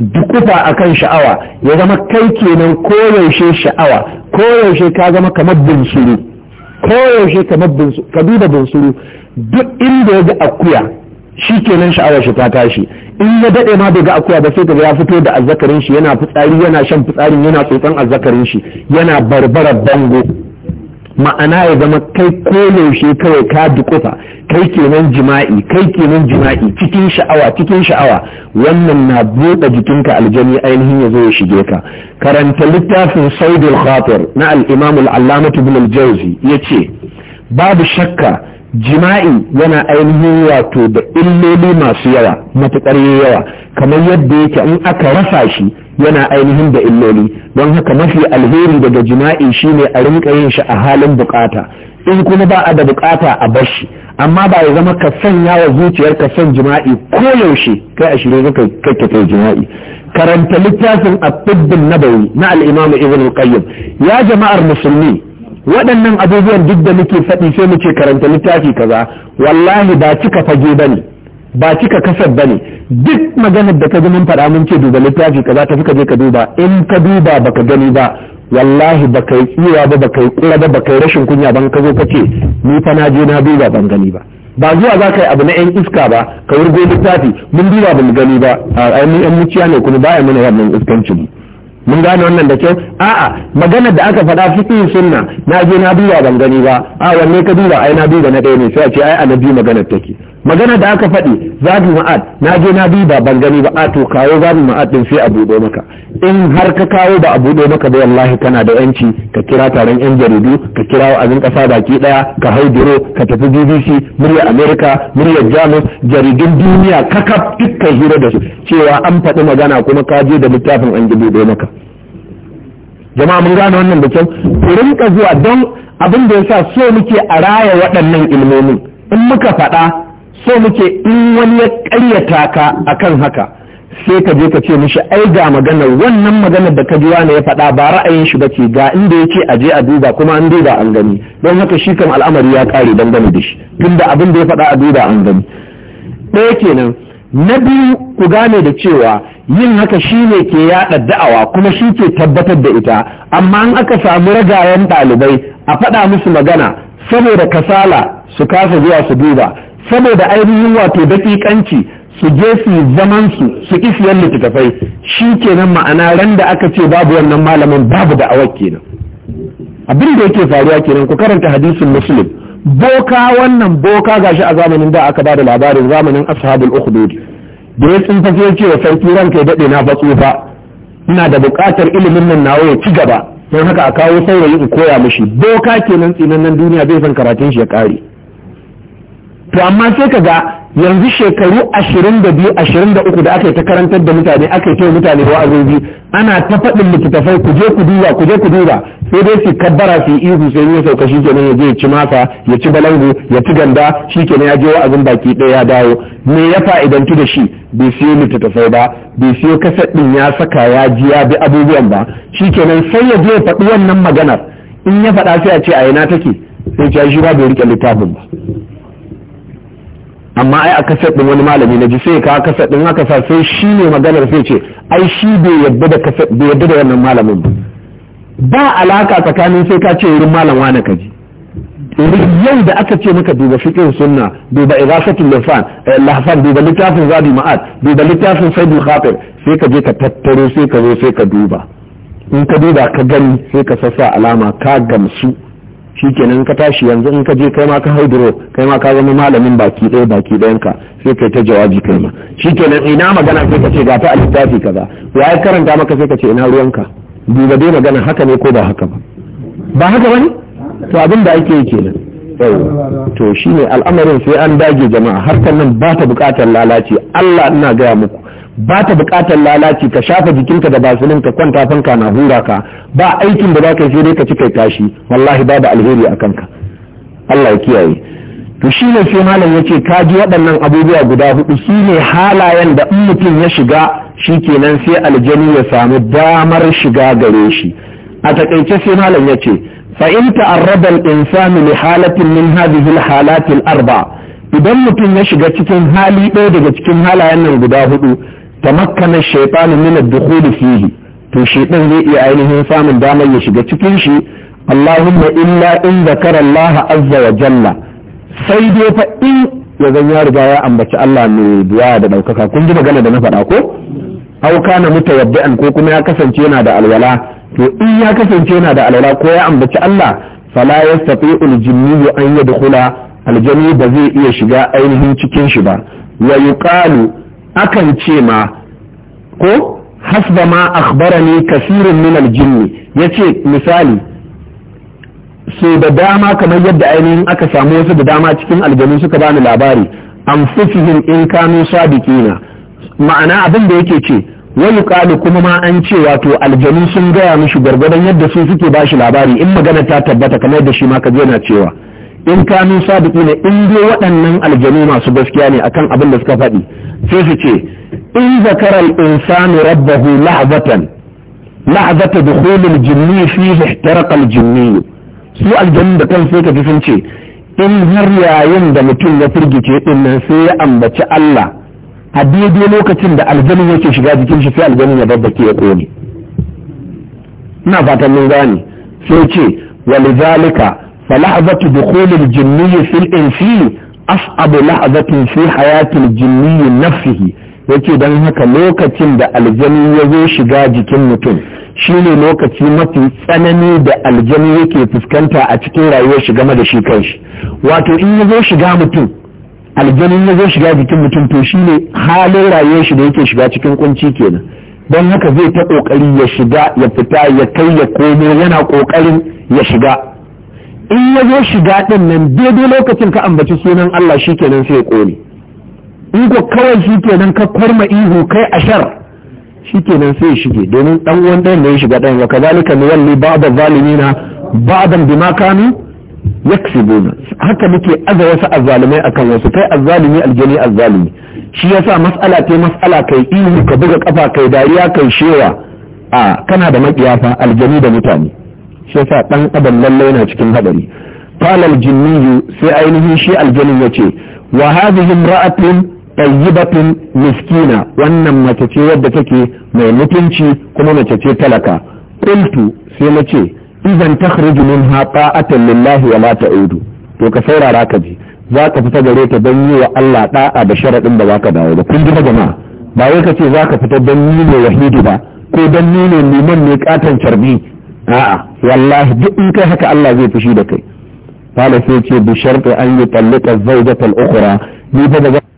[SPEAKER 1] dukufa akan sha'awa ya zama kai kenan koyaushe sha'awa koyaushe ka zama kamar bunsuru koyaushe ka duba bunsuru duk inda ya ga akuya shi kenan sha'awar shi ta tashi in ya daɗe ma bai ga akuya ba sai ka ya fito da azzakarin shi yana fitsari yana shan fitsarin yana tsotsan azzakarin shi yana barbarar bango ma'ana ya zama kai yaushe kawai ka dukufa kai kenan jima'i kai kenan jima'i cikin sha'awa cikin sha'awa wannan na buɗe jikinka aljani ainihin ya zo ya shige ka karanta littafin saudul khatir na al-imam al-allamah ibn al-jawzi yace babu shakka jima'i yana ainihin wato da illoli masu yawa matuƙar yawa kamar yadda yake in aka rasa shi yana ainihin da illoli don haka mafi alheri daga jima'i shine a rinka yin shi a halin bukata in kuma ba a da bukata a bar shi amma ba ya zama ka sanya wa zuciyar ka son jima'i ko yaushe kai a shirye zaka kai jima'i karanta littafin at-tibb nabawi na al-imam ibn qayyim ya jama'ar musulmi waɗannan abubuwan duk da muke faɗi sai muke karanta littafi kaza wallahi ba cika fage ba ne ba cika kasar ba ne duk maganar da ka ji mun faɗa mun ce duba littafi kaza tafi ka je ka duba in ka duba baka gani ba wallahi ba kai tsira ba ba kai kura ba ba kai rashin kunya ban ka zo ka ce ni fa na je na duba ban gani ba ba zuwa za ka yi abu na yan iska ba ka wurgo littafi mun duba ban gani ba a yan muciya ne kuma ba baya mana wannan iskancin mu mun gane wannan da kyau a'a magana da aka faɗa fiqh sunna na je na duba ban gani ba a wanne ka duba ai na duba na ɗaya ne sai a ce ai a na biyu magana take magana da aka faɗi zabi ma'ad na je na bi ba ban gani ba a to kawo zabi ma'ad din sai a buɗe maka in har ka kawo ba a buɗe maka ba wallahi kana da yanci ka kira taron yan jaridu ka kira wa'azin ƙasa baki ɗaya ka hau diro ka tafi bbc murya america murya jamus jaridun duniya kakaf dukkan hira da su cewa an faɗi magana kuma ka je da littafin an ji buɗe maka jama'a mun gane wannan da kyau ku rinka zuwa don abin da ya sa so muke a raya waɗannan ilmomin in muka faɗa so muke in wani ya ƙaryata ka a kan haka sai ka je ka ce mishi ai ga maganar wannan maganar da ka ji wani ya faɗa ba ra'ayin shi bace ga inda ya ce a je a duba kuma an duba an gani don haka shi kam al'amari ya ƙare dangane da shi tunda abin da ya faɗa a duba an gani ɗaya kenan na biyu ku gane da cewa yin haka shi ne ke yaɗa da'awa kuma shi ke tabbatar da ita amma an aka samu ragayen ɗalibai a faɗa musu magana saboda kasala su kasa zuwa su duba saboda ainihin wato daƙiƙanci su je su zaman su su ki siyan littattafai shi kenan ma'ana ran da aka ce babu wannan malamin babu da awa kenan abin da yake faruwa kenan ku karanta hadisin muslim boka wannan boka gashi a zamanin da aka bada labarin zamanin ashabul ukhdud da ya tsinta ce ce wa sarki ranka ya daɗe na ba, ina da buƙatar ilimin nan nawa ya ci gaba don haka a kawo saurayi in koya mishi boka kenan nan duniya zai san karatun shi ya ƙare to amma sai ka ga yanzu shekaru ashirin da biyu ashirin da uku da aka yi ta karantar da mutane aka yi ta mutane wa'azozi ana ta faɗin littattafai ku je ku duba ku je ku duba sai dai su kabbara su yi ihu sai ya sauka shi kenan ya je ya ci masa ya ci balangu ya ci ganda shi kenan ya je wa'azin baki ɗaya ya dawo me ya fa'idantu da shi bai siyo littattafai ba bai siyo kaset ɗin ya saka ya ji ya bi abubuwan ba shi kenan sai ya je ya faɗi wannan maganar in ya faɗa sai a ce a ina take sai ya shi ba bai riƙe littafin ba amma ai a kasar din wani malami na ji sai ka kasar din aka sa sai shi ne maganar sai ce ai shi bai yadda da kasar bai yadda da wannan malamin ba ba alaka tsakanin sai ka ce wurin malam wani ka ji yau da aka ce maka duba fiqh sunna duba irasatul lafan eh, lahfan duba littafin zabi ma'ad duba littafin saidul khatir sai ka je ka tattaro sai ka zo sai ka duba in ka duba ka gani sai ka sassa alama ka gamsu shikenan ka tashi yanzu in ka je kai ma ka hauduro kai ma ka zama malamin baki ɗaya baki ɗayan ka sai kai ta jawabi kai ma shikenan ina magana sai ka ce ga ta a kaza ya karanta maka sai ka ce ina ruwanka duba dai magana haka ne ko ba haka ba ba haka bane to abin da ake yi kenan to shine al'amarin sai an dage jama'a harkar nan ba ta bukatar lalace Allah ina gaya muku ba ta bukatar lalaci ka shafa jikinka da basilin ka kwanta fanka na hura ka ba aikin da za ka sai dai ka ci kai tashi wallahi babu alheri a kanka Allah ya kiyaye to shi ne sai malam ya ce ka ji waɗannan abubuwa guda hudu su ne halayen da in mutum ya shiga shi kenan sai aljani ya samu damar shiga gare shi a takaice sai malam ya ce fa in ta'arrada al-insanu li halatin min hadhihi al al-arba idan mutum ya shiga cikin hali ɗaya daga cikin halayen nan guda hudu tamakkana shaytanu min ad-dukhul fihi to shaytan zai iya ainihin samun damar ya shiga cikin shi Allahumma illa in zakara Allah azza wa jalla sai dai fa in ya ya riga ya ambaci Allah mai duwa da daukaka kun ji magana da na faɗa ko au kana mutawabbi'an ko kuma ya kasance yana da alwala to in ya kasance yana da alwala ko ya ambaci Allah fala yastati'ul jinniyu an yadkhula aljani ba zai iya shiga ainihin cikin shi ba wa yuqalu akan ce ma ko hasba ma akhbarani kasirun min aljinni yace misali so da dama kamar yadda ainihin aka samu wasu da dama cikin aljanu suka bani labari an fusihim in kanu sabiqina ma'ana abin da yake ce wani kalu kuma ma an ce wato aljanu sun gaya mishi gwargwadon yadda su suke bashi labari in magana ta tabbata kamar yadda shi ma ka na cewa in kanu sabiqina in dai waɗannan aljanu masu gaskiya ne akan abin da suka faɗi sai su ce in zakara al-insanu rabbahu lahzatan lahzata dukhul al-jinni fihi ihtaraqa al-jinni su aljanna da sai ka ji sun ce in har yayin da mutum ya firgice din nan sai ya ambaci Allah a daidai lokacin da aljanin yake shiga jikin shi sai aljanin ya babbake ya kone ina fatan mun gane sai ce walidhalika فلحظة دخول الجني في الإنسي as'abu lahazatin fi hayatil jinni nafsihi yake don haka lokacin da aljani ya zo shiga jikin mutum shine lokaci mafi tsanani da aljani yake fuskanta a cikin rayuwar shi da shi kanshi wato in ya zo shiga mutum aljani ya zo shiga jikin mutum to shine halin rayuwar shi da yake shiga cikin kunci kenan don haka zai ta kokari ya shiga ya fita ya kai ya komo yana kokarin ya shiga in ya zo shiga ɗin nan daidai lokacin ka ambaci sunan Allah shi kenan sai ya ƙone in ko kawai shi kenan ka kwarma ihu kai ashar shi kenan sai ya shige domin ɗan uwan ɗan da ya shiga ɗayan wa kazalika zalimi na ba ba'dan bima kanu yaksibuna haka muke aza wasu azzalumai akan wasu kai azzalumi aljani azzalumi shi yasa mas'ala ta mas'ala kai ihu ka buga kafa kai dariya kai shewa a kana da maƙiyafa, aljani da mutane shi yasa ɗan adam lallai na cikin hadari qala al sai ainihin shi aljanin yace wa hadhihi imra'atun tayyibatun miskina wannan mace ce wadda take mai mutunci kuma mace ce talaka qultu sai nace idan takhruju minha ta'atan lillahi wa ta'udu to ka saurara ka ji za ka fita gare ta don yi wa Allah ɗa'a da sharaɗin da za ka dawo da kun ji ba wai ka ce za ka fita don ni ne ba ko don ni ne liman ne katon carbi a'a wallahi duk in kai haka Allah zai fushi da kai qala sai ce bi sharti an yutallika zawjatal ukhra ni fa daga